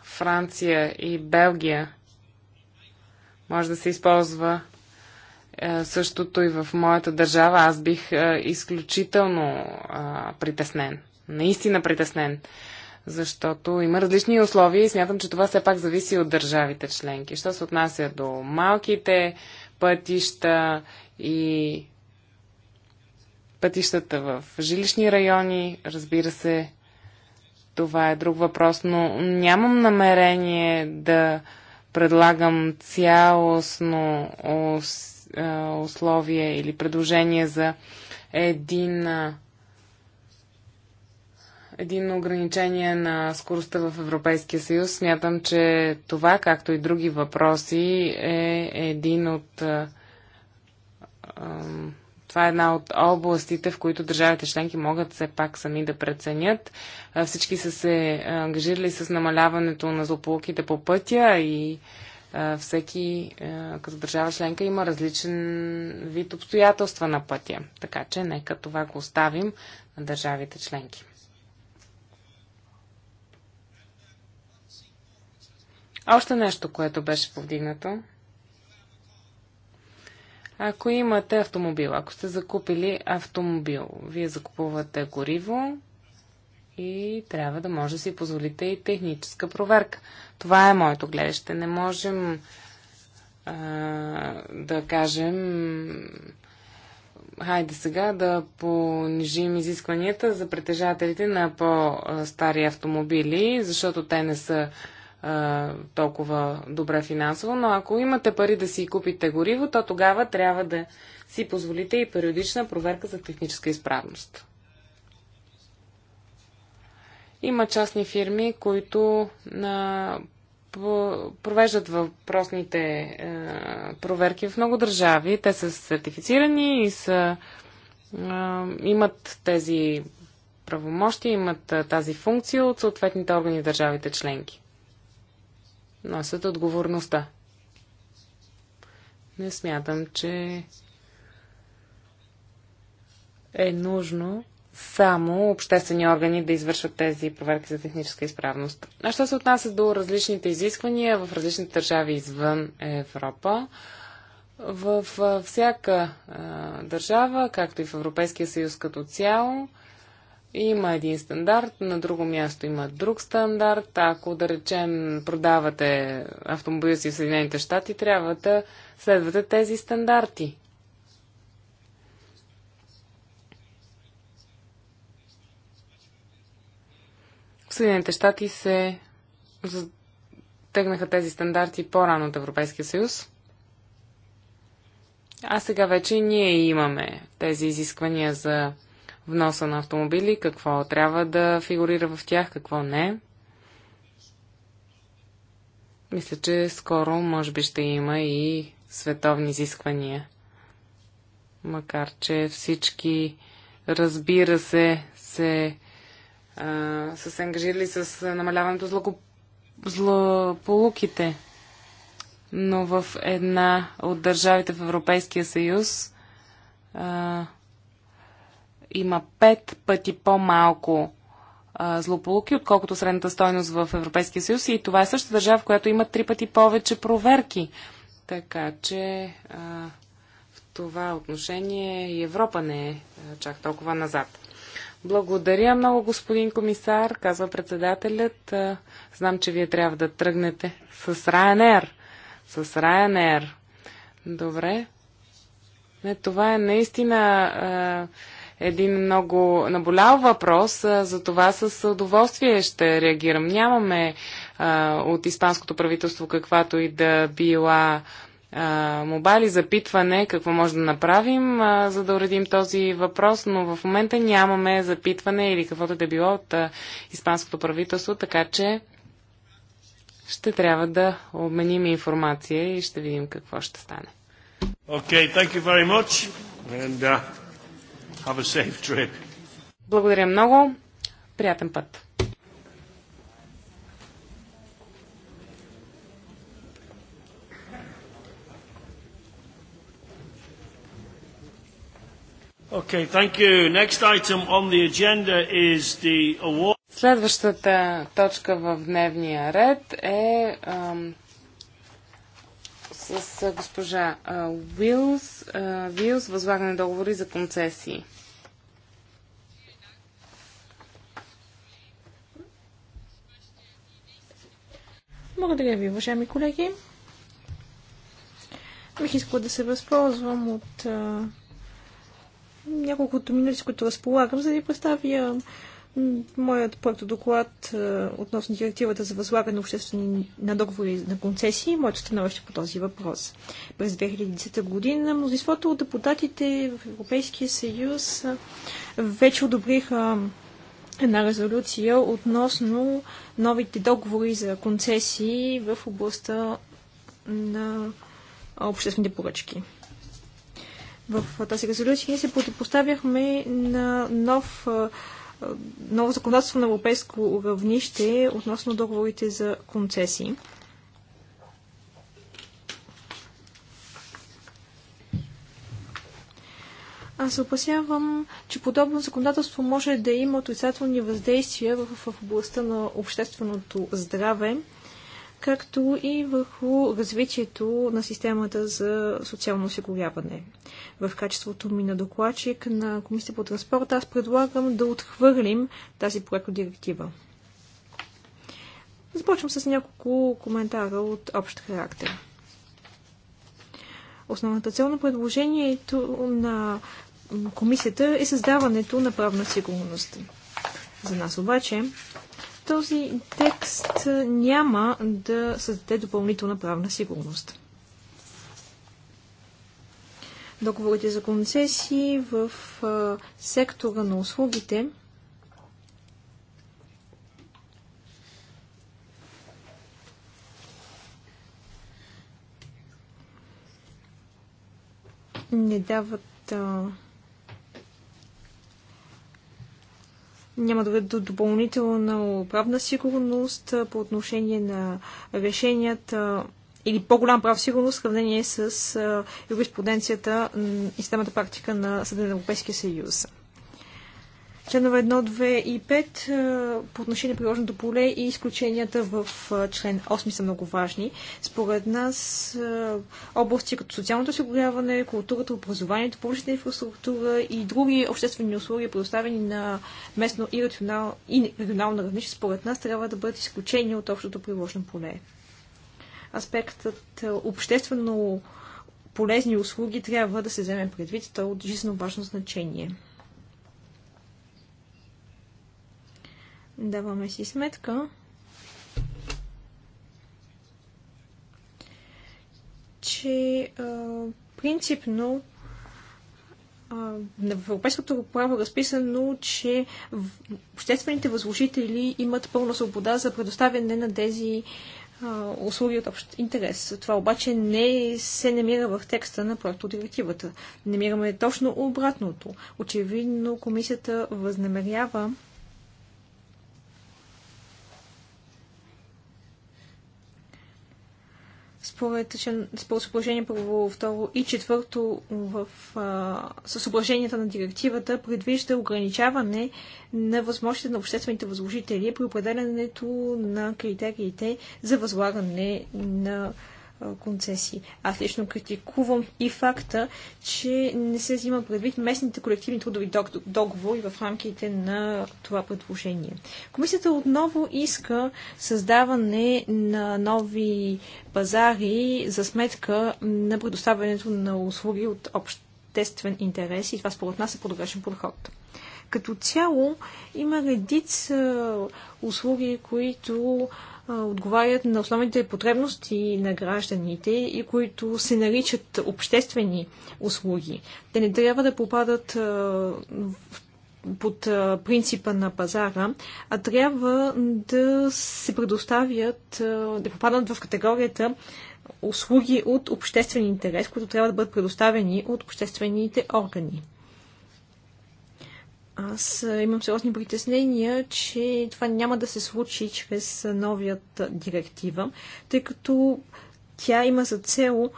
B: Франция и Белгия може да се използва е, същото и в моята държава. Аз бих е, изключително е, притеснен. Наистина притеснен. Защото има различни условия и смятам, че това все пак зависи от държавите членки. Що се отнася до малките пътища и пътищата в жилищни райони, разбира се, това е друг въпрос, но нямам намерение да предлагам цялостно условие или предложение за един един ограничение на скоростта в Европейския съюз. Смятам, че това, както и други въпроси, е един от това е една от областите, в които държавите членки могат все пак сами да преценят. Всички са се ангажирали с намаляването на злополуките по пътя и всеки като държава членка има различен вид обстоятелства на пътя. Така че нека това го оставим на държавите членки. Още нещо, което беше повдигнато ако имате автомобил, ако сте закупили автомобил, вие закупувате гориво и трябва да може да си позволите и техническа проверка. Това е моето гледаще. Не можем а, да кажем хайде сега да понижим изискванията за притежателите на по-стари автомобили, защото те не са а, толкова добре финансово, но ако имате пари да си купите гориво, то тогава трябва да си позволите и периодична проверка за техническа изправност. Има частни фирми, които а, провеждат въпросните проверки в много държави. Те са сертифицирани и са, имат тези правомощи, имат тази функция от съответните органи в държавите членки носят отговорността. Не смятам, че е нужно само обществени органи да извършват тези проверки за техническа изправност. А що се отнася до различните изисквания в различните държави извън Европа, в всяка а, държава, както и в Европейския съюз като цяло, има един стандарт, на друго място има друг стандарт. Ако, да речем, продавате автомобил си в Съединените щати, трябва да следвате тези стандарти. В Съединените щати се тегнаха тези стандарти по-рано от Европейския съюз. А сега вече ние имаме тези изисквания за вноса на автомобили, какво трябва да фигурира в тях, какво не. Мисля, че скоро може би ще има и световни изисквания. Макар, че всички, разбира се, се а, са се ангажирали с намаляването злоку... злополуките. Но в една от държавите в Европейския съюз а, има пет пъти по-малко злополуки, отколкото средната стойност в Европейския съюз и това е същата държава, в която има три пъти повече проверки. Така че а, в това отношение и Европа не е чак толкова назад. Благодаря много, господин комисар, казва председателят. Знам, че вие трябва да тръгнете с Ryanair. С Ryanair. Добре. Не, това е наистина а, един много наболял въпрос, за това с удоволствие ще реагирам. Нямаме а, от испанското правителство каквато и да била мобали запитване какво може да направим, а, за да уредим този въпрос, но в момента нямаме запитване или каквото да било от а, испанското правителство, така че ще трябва да обменим информация и ще видим какво ще стане.
A: Okay, thank you very much. And, uh... Have a safe trip.
B: Благодаря много. Приятен път.
A: Okay, thank you. Next item on the agenda is the award.
B: Следващата точка в дневния ред е ам, с госпожа Вилс, Вилс възлагане договори за концесии. Благодаря ви, уважаеми
C: колеги. Бих искала да се възползвам от а, няколкото минути, с които разполагам, за да ви представя Моят проект доклад е, относно директивата за възлагане на обществени на договори на концесии, моето становище по този въпрос. През 2010 година мнозинството от депутатите в Европейския съюз е, вече одобриха е, една резолюция относно новите договори за концесии в областта на обществените поръчки. В тази резолюция се противопоставяхме на нов ново законодателство на европейско равнище относно договорите за концесии. Аз се опасявам, че подобно законодателство може да има отрицателни въздействия в областта на общественото здраве както и върху развитието на системата за социално осигуряване. В качеството ми на докладчик на Комисията по транспорт аз предлагам да отхвърлим тази проектодиректива. Започвам с няколко коментара от общ характер. Основната цел на предложението на комисията е създаването на правна сигурност. За нас обаче този текст няма да създаде допълнителна правна сигурност. Договорите за концесии в сектора на услугите не дават няма да доведе до допълнителна правна сигурност по отношение на решенията или по-голям прав сигурност в сравнение с юриспруденцията и системата практика на Съда на Европейския съюз членове 1, 2 и 5 е, по отношение на приложеното поле и изключенията в е, член 8 са много важни. Според нас е, области като социалното осигуряване, културата, образованието, публичната инфраструктура и други обществени услуги, предоставени на местно и, и регионално равнище, според нас трябва да бъдат изключени от общото приложено поле. Аспектът обществено полезни услуги трябва да се вземе предвид, то е от жизненно важно значение. Даваме си сметка, че а, принципно в европейското право е разписано, че обществените възложители имат пълна свобода за предоставяне на тези а, услуги от общ интерес. Това обаче не се намира в текста на проекто директивата. Намираме точно обратното. Очевидно комисията възнамерява според член, съображение първо, второ и четвърто в, а, с съображенията на директивата предвижда ограничаване на възможностите на обществените възложители при определянето на критериите за възлагане на концесии. Аз лично критикувам и факта, че не се взима предвид местните колективни трудови договори в рамките на това предложение. Комисията отново иска създаване на нови пазари за сметка на предоставянето на услуги от обществен интерес и това според нас е подгрешен подход като цяло има редица услуги, които отговарят на основните потребности на гражданите и които се наричат обществени услуги. Те не трябва да попадат под принципа на пазара, а трябва да се предоставят, да попадат в категорията услуги от обществен интерес, които трябва да бъдат предоставени от обществените органи. Аз е, имам сериозни притеснения, че това няма да се случи чрез новият директива, тъй като тя има за цел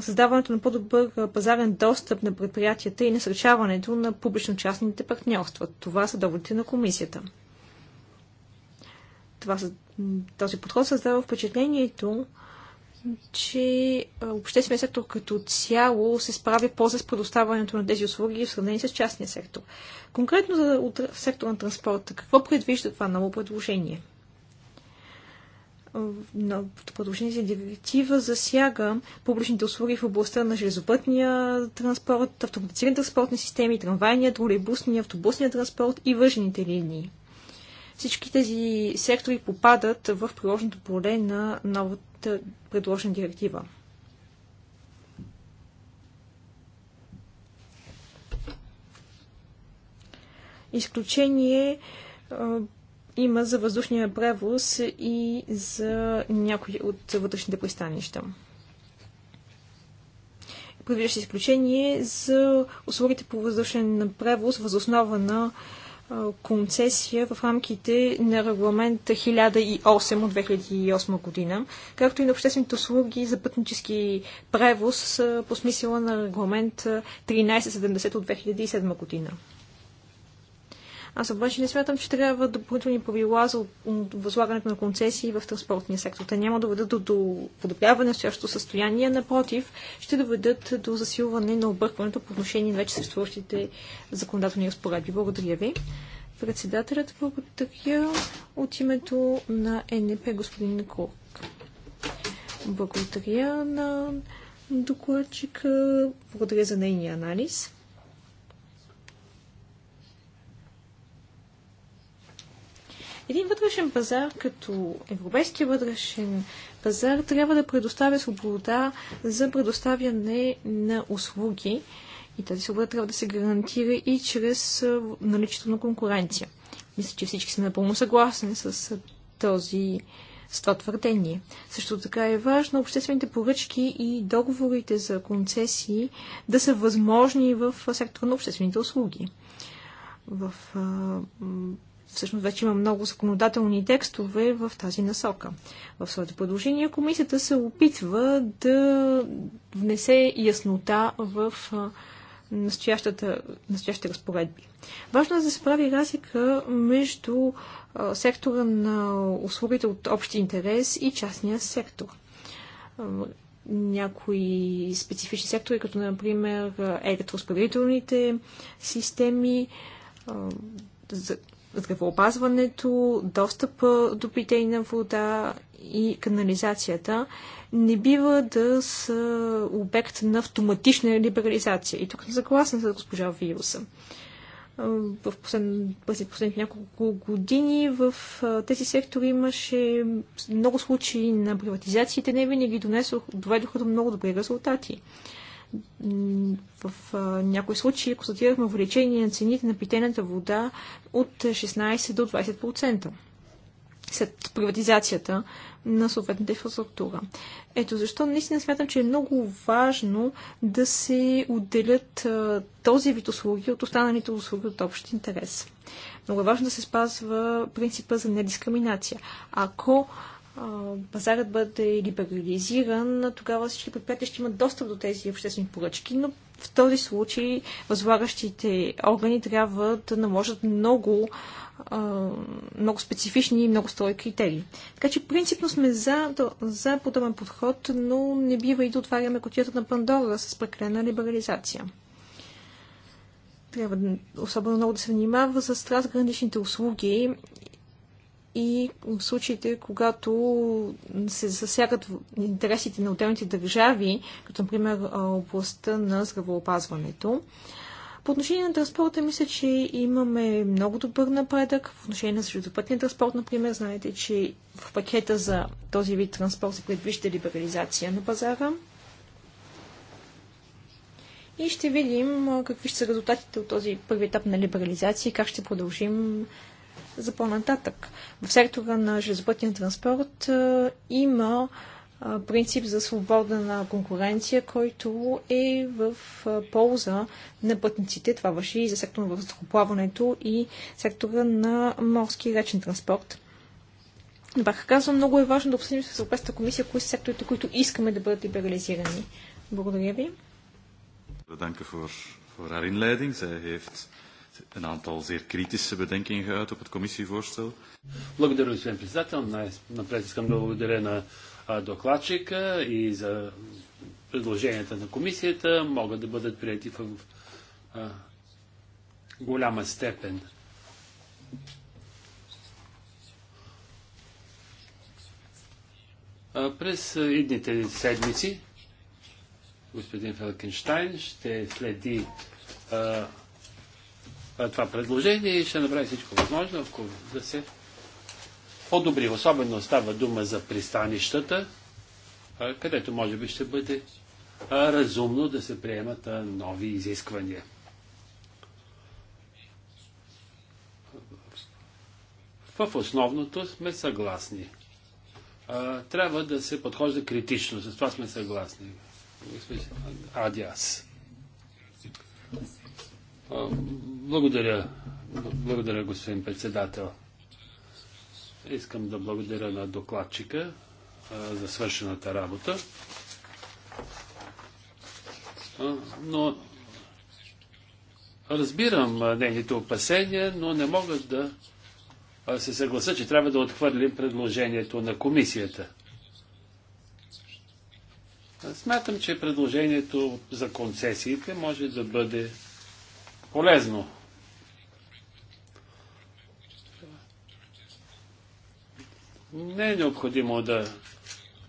C: създаването на по-добър пазарен достъп на предприятията и насърчаването на публично-частните партньорства. Това са доводите на комисията. Това, този подход създава впечатлението, че общественият сектор като цяло се справи по-зле с предоставянето на тези услуги в сравнение с частния сектор. Конкретно за сектора на транспорта, какво предвижда това ново предложение? Новото предложение за директива засяга публичните услуги в областта на железопътния транспорт, автоматизирани транспортни системи, трамвайния, тролейбусния, автобусния транспорт и въжените линии. Всички тези сектори попадат в приложното поле на новото е, предложена директива. Изключение е, има за въздушния превоз и за някои от вътрешните пристанища. Предвижда се изключение за услугите по въздушен превоз възоснова на концесия в рамките на регламент 1008 от 2008 година, както и на обществените услуги за пътнически превоз по смисъла на регламент 1370 от 2007 година. Аз обаче не смятам, че трябва допълнителни правила за възлагането на концесии в транспортния сектор. Те няма да доведат до, до подобряване на стоящото състояние, напротив, ще доведат до засилване на объркването по отношение на вече съществуващите законодателни разпоредби. Благодаря ви. Председателят благодаря от името на НП господин Крок. Благодаря на докладчика, благодаря за нейния анализ. Един вътрешен пазар, като европейския вътрешен пазар, трябва да предоставя свобода за предоставяне на услуги и тази свобода трябва да се гарантира и чрез наличието на конкуренция. Мисля, че всички са напълно съгласни с този с това твърдение. Също така е важно обществените поръчки и договорите за концесии да са възможни в сектора на обществените услуги. В Всъщност вече има много законодателни текстове в тази насока. В своето предложение комисията се опитва да внесе яснота в настоящите разпоредби. Важно е да се прави разлика между сектора на услугите от общ интерес и частния сектор. някои специфични сектори, като например електроразпределителните системи, за здравеопазването, достъпа до питейна вода и канализацията не бива да са обект на автоматична либерализация. И тук съм съгласна с госпожа Вируса. В последните послед, няколко години в тези сектори имаше много случаи на приватизациите, не винаги донесох, доведоха до много добри резултати. В някои случаи констатирахме увеличение на цените на питената вода от 16 до 20% след приватизацията на съответната инфраструктура. Ето защо наистина смятам, че е много важно да се отделят този вид услуги от останалите услуги от общ интерес. Много е важно да се спазва принципа за недискриминация. Ако пазарът бъде либерализиран, тогава всички предприятия ще имат достъп до тези обществени поръчки, но в този случай възлагащите органи трябва да наложат много, много специфични и много строи критерии. Така че принципно сме за, за подобен подход, но не бива и да отваряме котията на Пандора с прекалена либерализация. Трябва особено много да се внимава с трансграничните услуги и в случаите, когато се засягат интересите на отделните държави, като например областта на здравеопазването. По отношение на транспорта, мисля, че имаме много добър напредък. По отношение на железопътния транспорт, например, знаете, че в пакета за този вид транспорт се предвижда либерализация на пазара. И ще видим какви ще са резултатите от този първи етап на либерализация и как ще продължим за по-нататък. В сектора на железопътния транспорт а, е, има а, е, принцип за свобода на конкуренция, който е в а, е, полза на пътниците. Това върши и за сектора на въздухоплаването и сектора на морски и речен транспорт. Бях казвам, много е важно да обсъдим с Европейската комисия кои са секторите, които искаме да бъдат либерализирани. Благодаря ви.
A: Bedanken voor, voor haar inleiding. Zij heeft een aantal zeer kritische bedenkingen geuit op het commissievoorstel. Благодаря, господин председател. Най-напред искам да благодаря на докладчика и за предложенията на комисията могат да бъдат прияти в голяма степен. през идните седмици господин Фелкенштайн ще следи а, това предложение и ще направи всичко възможно, ако да се подобри. Особено става дума за пристанищата, където може би ще бъде разумно да се приемат нови изисквания. В основното сме съгласни. Трябва да се подхожда критично, с това сме съгласни. Адиас. Благодаря. Благодаря, господин председател. Искам да благодаря на докладчика за свършената работа. Но разбирам нейните опасения, но не мога да се съгласа, че трябва да отхвърлим предложението на комисията. Смятам, че предложението за концесиите може да бъде полезно. Не е необходимо да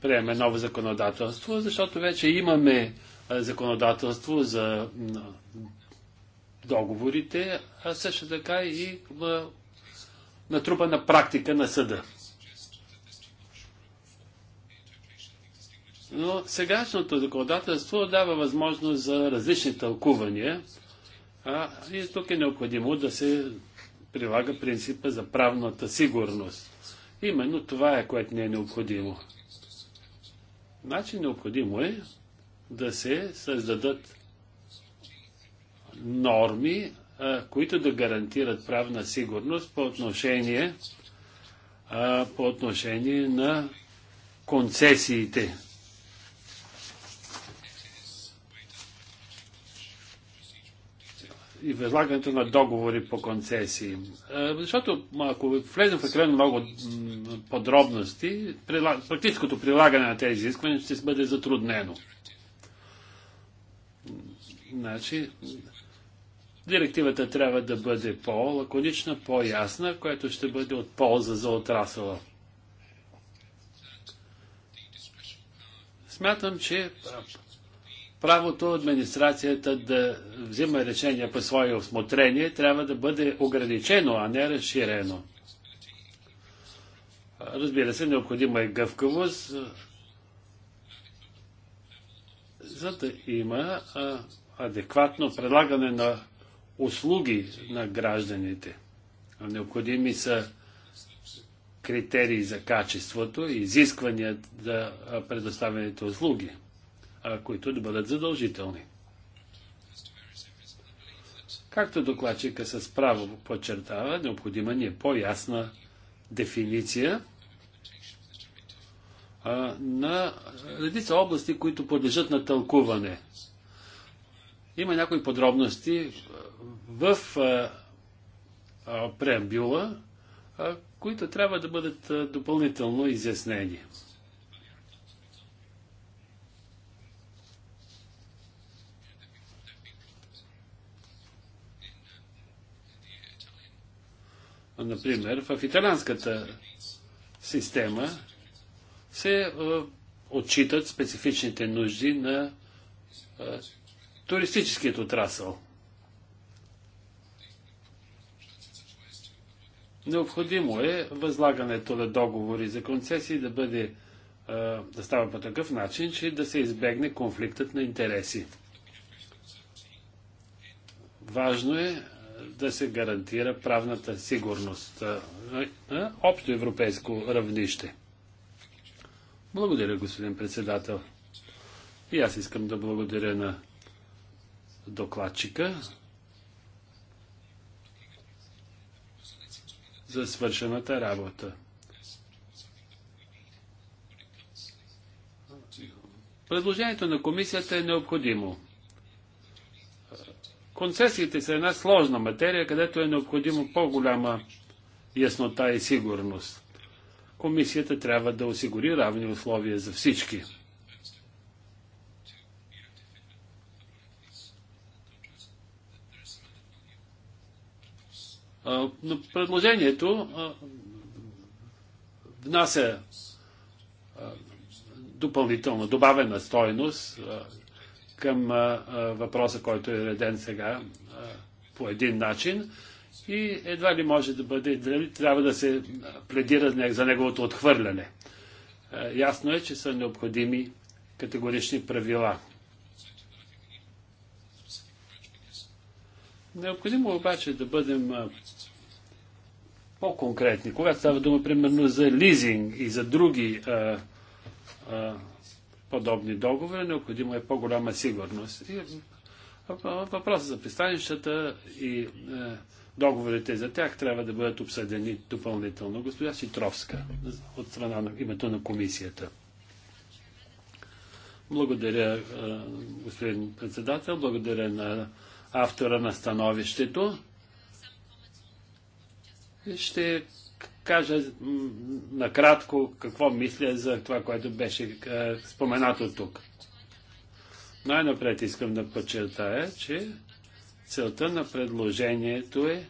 A: приеме ново законодателство, защото вече имаме законодателство за договорите, а също така и натрупана практика на съда. Но сегашното законодателство дава възможност за различни тълкувания а, и тук е необходимо да се прилага принципа за правната сигурност. Именно това е, което не е необходимо. Значи необходимо е да се създадат норми, които да гарантират правна сигурност по отношение, по отношение на концесиите. и възлагането на договори по концесии. Е, защото ако влезем в прекалено много подробности, практическото прилагане на тези изисквания ще бъде затруднено. Значи, директивата трябва да бъде по-лаконична, по-ясна, което ще бъде от полза за отрасъла. Смятам, че правото администрацията да взима решения по свое осмотрение трябва да бъде ограничено, а не разширено. Разбира се, необходима е гъвкавост, за да има адекватно предлагане на услуги на гражданите. Необходими са критерии за качеството и изисквания за предоставените услуги които да бъдат задължителни. Както докладчика с право подчертава, необходима ни е по-ясна дефиниция а, на редица области, които подлежат на тълкуване. Има някои подробности в а, а, преамбюла, които трябва да бъдат допълнително изяснени. Например, в италянската система се е, отчитат специфичните нужди на е, туристическият отрасъл. Необходимо е възлагането на договори за концесии да бъде е, да става по такъв начин, че да се избегне конфликтът на интереси. Важно е да се гарантира правната сигурност на общо европейско равнище. Благодаря, господин председател. И аз искам да благодаря на докладчика за свършената работа. Предложението на комисията е необходимо. Концесиите са една сложна материя, където е необходимо по-голяма яснота и сигурност. Комисията трябва да осигури равни условия за всички. Но предложението внася допълнително добавена стойност към а, а, въпроса, който е реден сега а, по един начин и едва ли може да бъде, дали трябва да се пледира за неговото отхвърляне. Ясно е, че са необходими категорични правила. Необходимо обаче да бъдем по-конкретни. Когато става дума, примерно, за лизинг и за други а, а, подобни договори, необходимо е по-голяма сигурност. И въпросът за пристанищата и е, договорите за тях трябва да бъдат обсъдени допълнително. Госпожа Ситровска от страна на името на комисията. Благодаря, е, господин председател, благодаря на автора на становището. Ще кажа накратко какво мисля за това, което беше е, споменато тук. Най-напред искам да подчертая, че целта на предложението е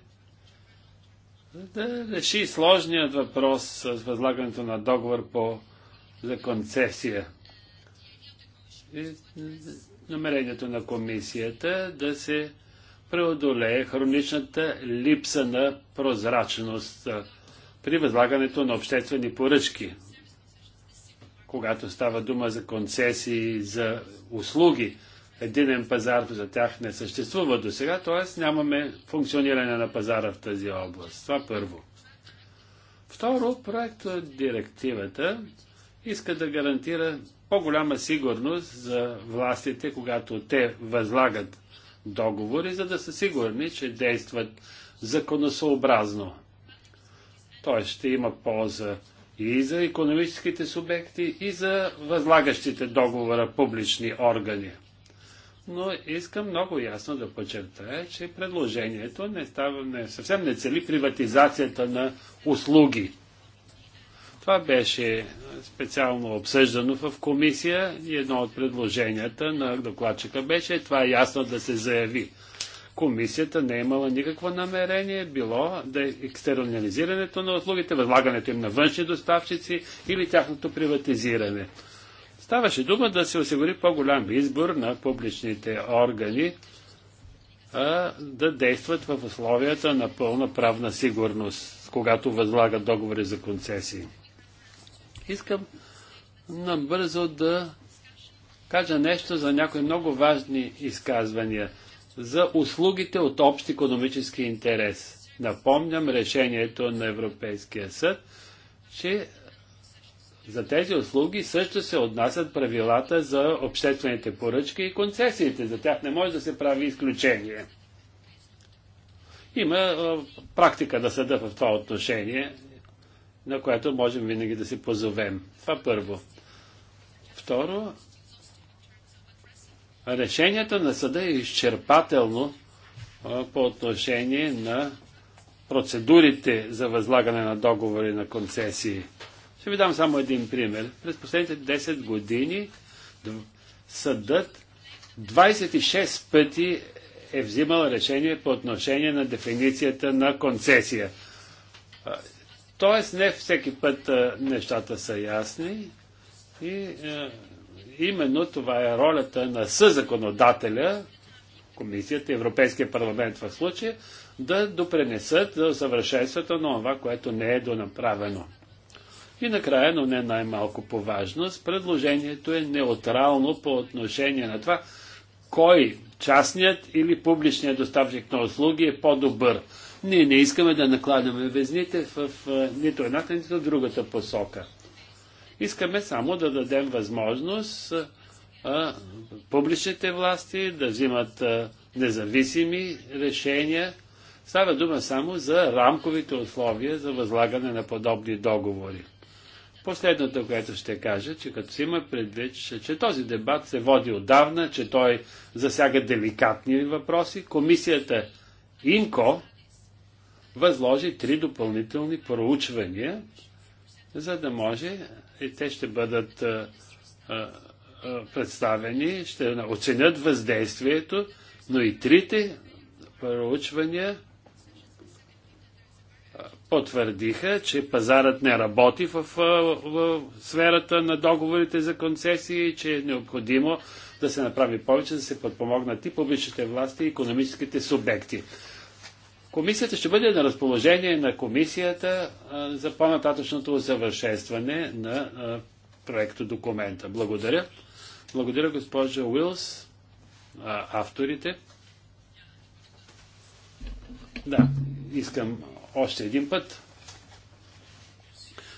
A: да реши сложният въпрос с възлагането на договор по, за концесия. И намерението на комисията да се преодолее хроничната липса на прозрачност при възлагането на обществени поръчки, когато става дума за концесии, за услуги. Единен пазар за тях не съществува до сега, т.е. нямаме функциониране на пазара в тази област. Това първо. Второ, проектът директивата иска да гарантира по-голяма сигурност за властите, когато те възлагат договори, за да са сигурни, че действат законосъобразно. Т.е. ще има полза и за економическите субекти, и за възлагащите договора публични органи. Но искам много ясно да подчертая, че предложението не става, не, съвсем не цели приватизацията на услуги. Това беше специално обсъждано в комисия и едно от предложенията на докладчика беше това е ясно да се заяви комисията не е имала никакво намерение, било да е екстернализирането на услугите, възлагането им на външни доставчици или тяхното приватизиране. Ставаше дума да се осигури по-голям избор на публичните органи а, да действат в условията на пълна правна сигурност, когато възлагат договори за концесии. Искам набързо да кажа нещо за някои много важни изказвания – за услугите от общ економически интерес. Напомням решението на Европейския съд, че за тези услуги също се отнасят правилата за обществените поръчки и концесиите. За тях не може да се прави изключение. Има практика да съда в това отношение, на което можем винаги да се позовем. Това първо. Второ, Решението на съда е изчерпателно по отношение на процедурите за възлагане на договори на концесии. Ще ви дам само един пример. През последните 10 години съдът 26 пъти е взимал решение по отношение на дефиницията на концесия. Тоест не всеки път нещата са ясни и именно това е ролята на съзаконодателя, комисията, Европейския парламент в случая, да допренесат за съвършенството на това, което не е донаправено. И накрая, но не най-малко по важност, предложението е неутрално по отношение на това, кой частният или публичният доставчик на услуги е по-добър. Ние не искаме да накладаме везните в нито едната, нито другата посока. Искаме само да дадем възможност а, публичните власти да взимат а, независими решения. Става дума само за рамковите условия за възлагане на подобни договори. Последното, което ще кажа, че като си има предвид, че, че този дебат се води отдавна, че той засяга деликатни въпроси, комисията Инко възложи три допълнителни проучвания, за да може и те ще бъдат а, а, представени, ще оценят въздействието, но и трите проучвания потвърдиха, че пазарът не работи в, в, в сферата на договорите за концесии, че е необходимо да се направи повече, да се подпомогнат и публичните власти, и економическите субекти. Комисията ще бъде на разположение на комисията за по-нататъчното усъвършенстване на проекта проекто документа. Благодаря. Благодаря госпожа Уилс, авторите. Да, искам още един път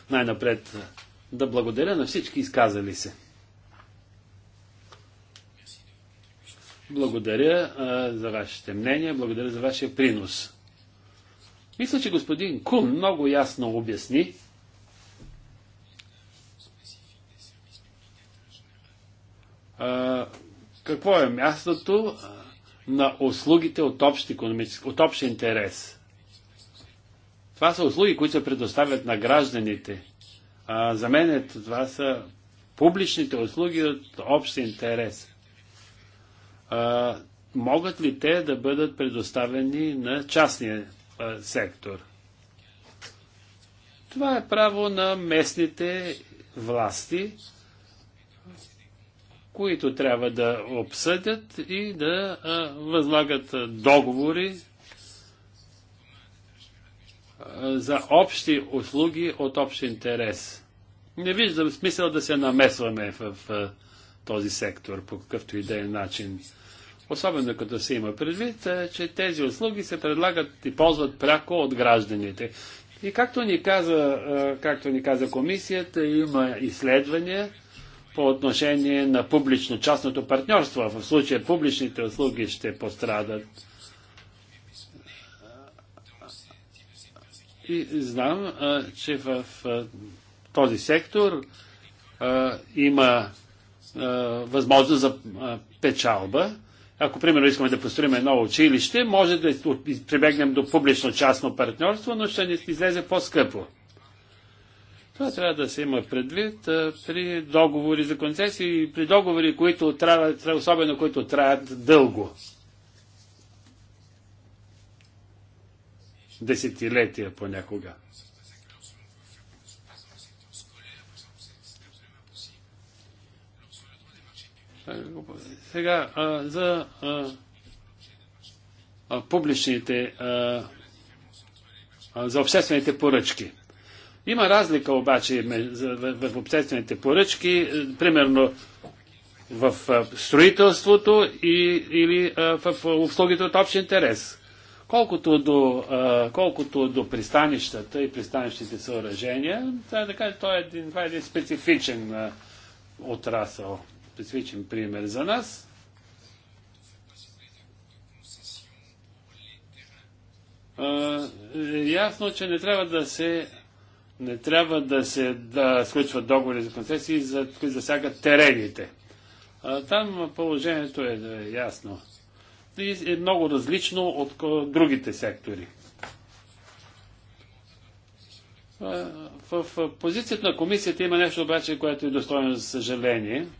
A: най-напред да благодаря на всички изказали се. Благодаря а, за вашите мнения, благодаря за вашия принос. Мисля, че господин Кун много ясно обясни, какво е мястото на услугите от общ, от общ интерес. Това са услуги, които се предоставят на гражданите. А, за мен е, това са публичните услуги от общ интерес. А, могат ли те да бъдат предоставени на частния сектор. Това е право на местните власти, които трябва да обсъдят и да а, възлагат договори а, за общи услуги от общ интерес. Не виждам смисъл да се намесваме в, в този сектор по какъвто и да е начин. Особено като се има предвид, е, че тези услуги се предлагат и ползват пряко от гражданите. И както ни каза, е, както ни каза комисията, има изследвания по отношение на публично-частното партньорство. В случая публичните услуги ще пострадат. И знам, е, че в този сектор има възможност за печалба ако, примерно, искаме да построим едно училище, може да прибегнем до публично-частно партньорство, но ще ни излезе по-скъпо. Това трябва да се има предвид при договори за концесии и при договори, които траят, особено които траят дълго. Десетилетия понякога. Сега, а, за а, а, публичните, а, а, за обществените поръчки. Има разлика обаче в обществените поръчки, е, примерно в строителството и, или в услугите от общ интерес. Колкото до, колкото до пристанищата и пристанищните съоръжения, трябва той е това е един специфичен отрасъл специфичен пример за нас. Е ясно, че не трябва да се не трябва да се да сключват договори за концесии, за, които засягат терените. А, там положението е, е ясно. И е много различно от другите сектори. В позицията на комисията има нещо обаче, което е достойно за съжаление –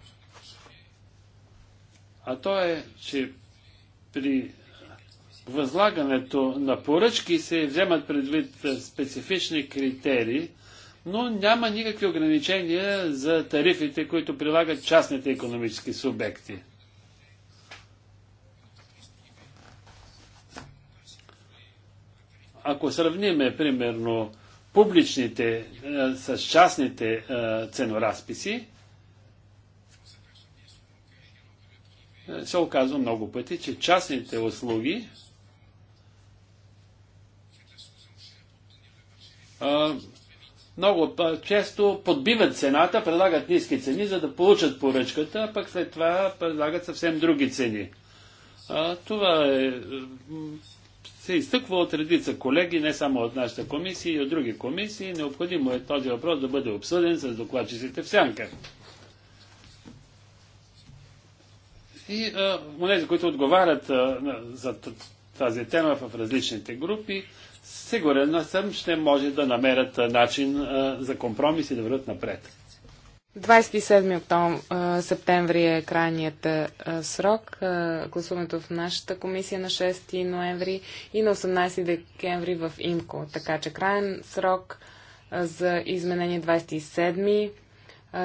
A: а то е, че при възлагането на поръчки се вземат предвид специфични критерии, но няма никакви ограничения за тарифите, които прилагат частните економически субекти. Ако сравниме, примерно, публичните с частните ценоразписи, Е, се оказва много пъти, че частните услуги много често подбиват цената, предлагат ниски цени, за да получат поръчката, а пък след това предлагат съвсем други цени. това е, се изтъква от редица колеги, не само от нашата комисия и от други комисии. Необходимо е този въпрос да бъде обсъден с докладчиците в сянка. И тези, които отговарят а, за тази тема в различните групи, сигурен съм, ще може да намерят начин а, за компромис и да върват напред.
B: 27 октом, септември е крайният срок. Гласуването в нашата комисия на 6 ноември и на 18 декември в ИМКО. Така че крайен срок за изменение 27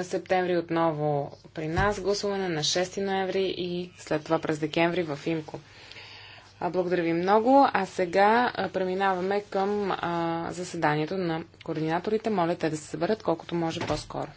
B: септември отново при нас гласуване на 6 ноември и след това през декември в Имко. Благодаря ви много. А сега преминаваме към заседанието на координаторите. Моля те да се съберат колкото може по-скоро.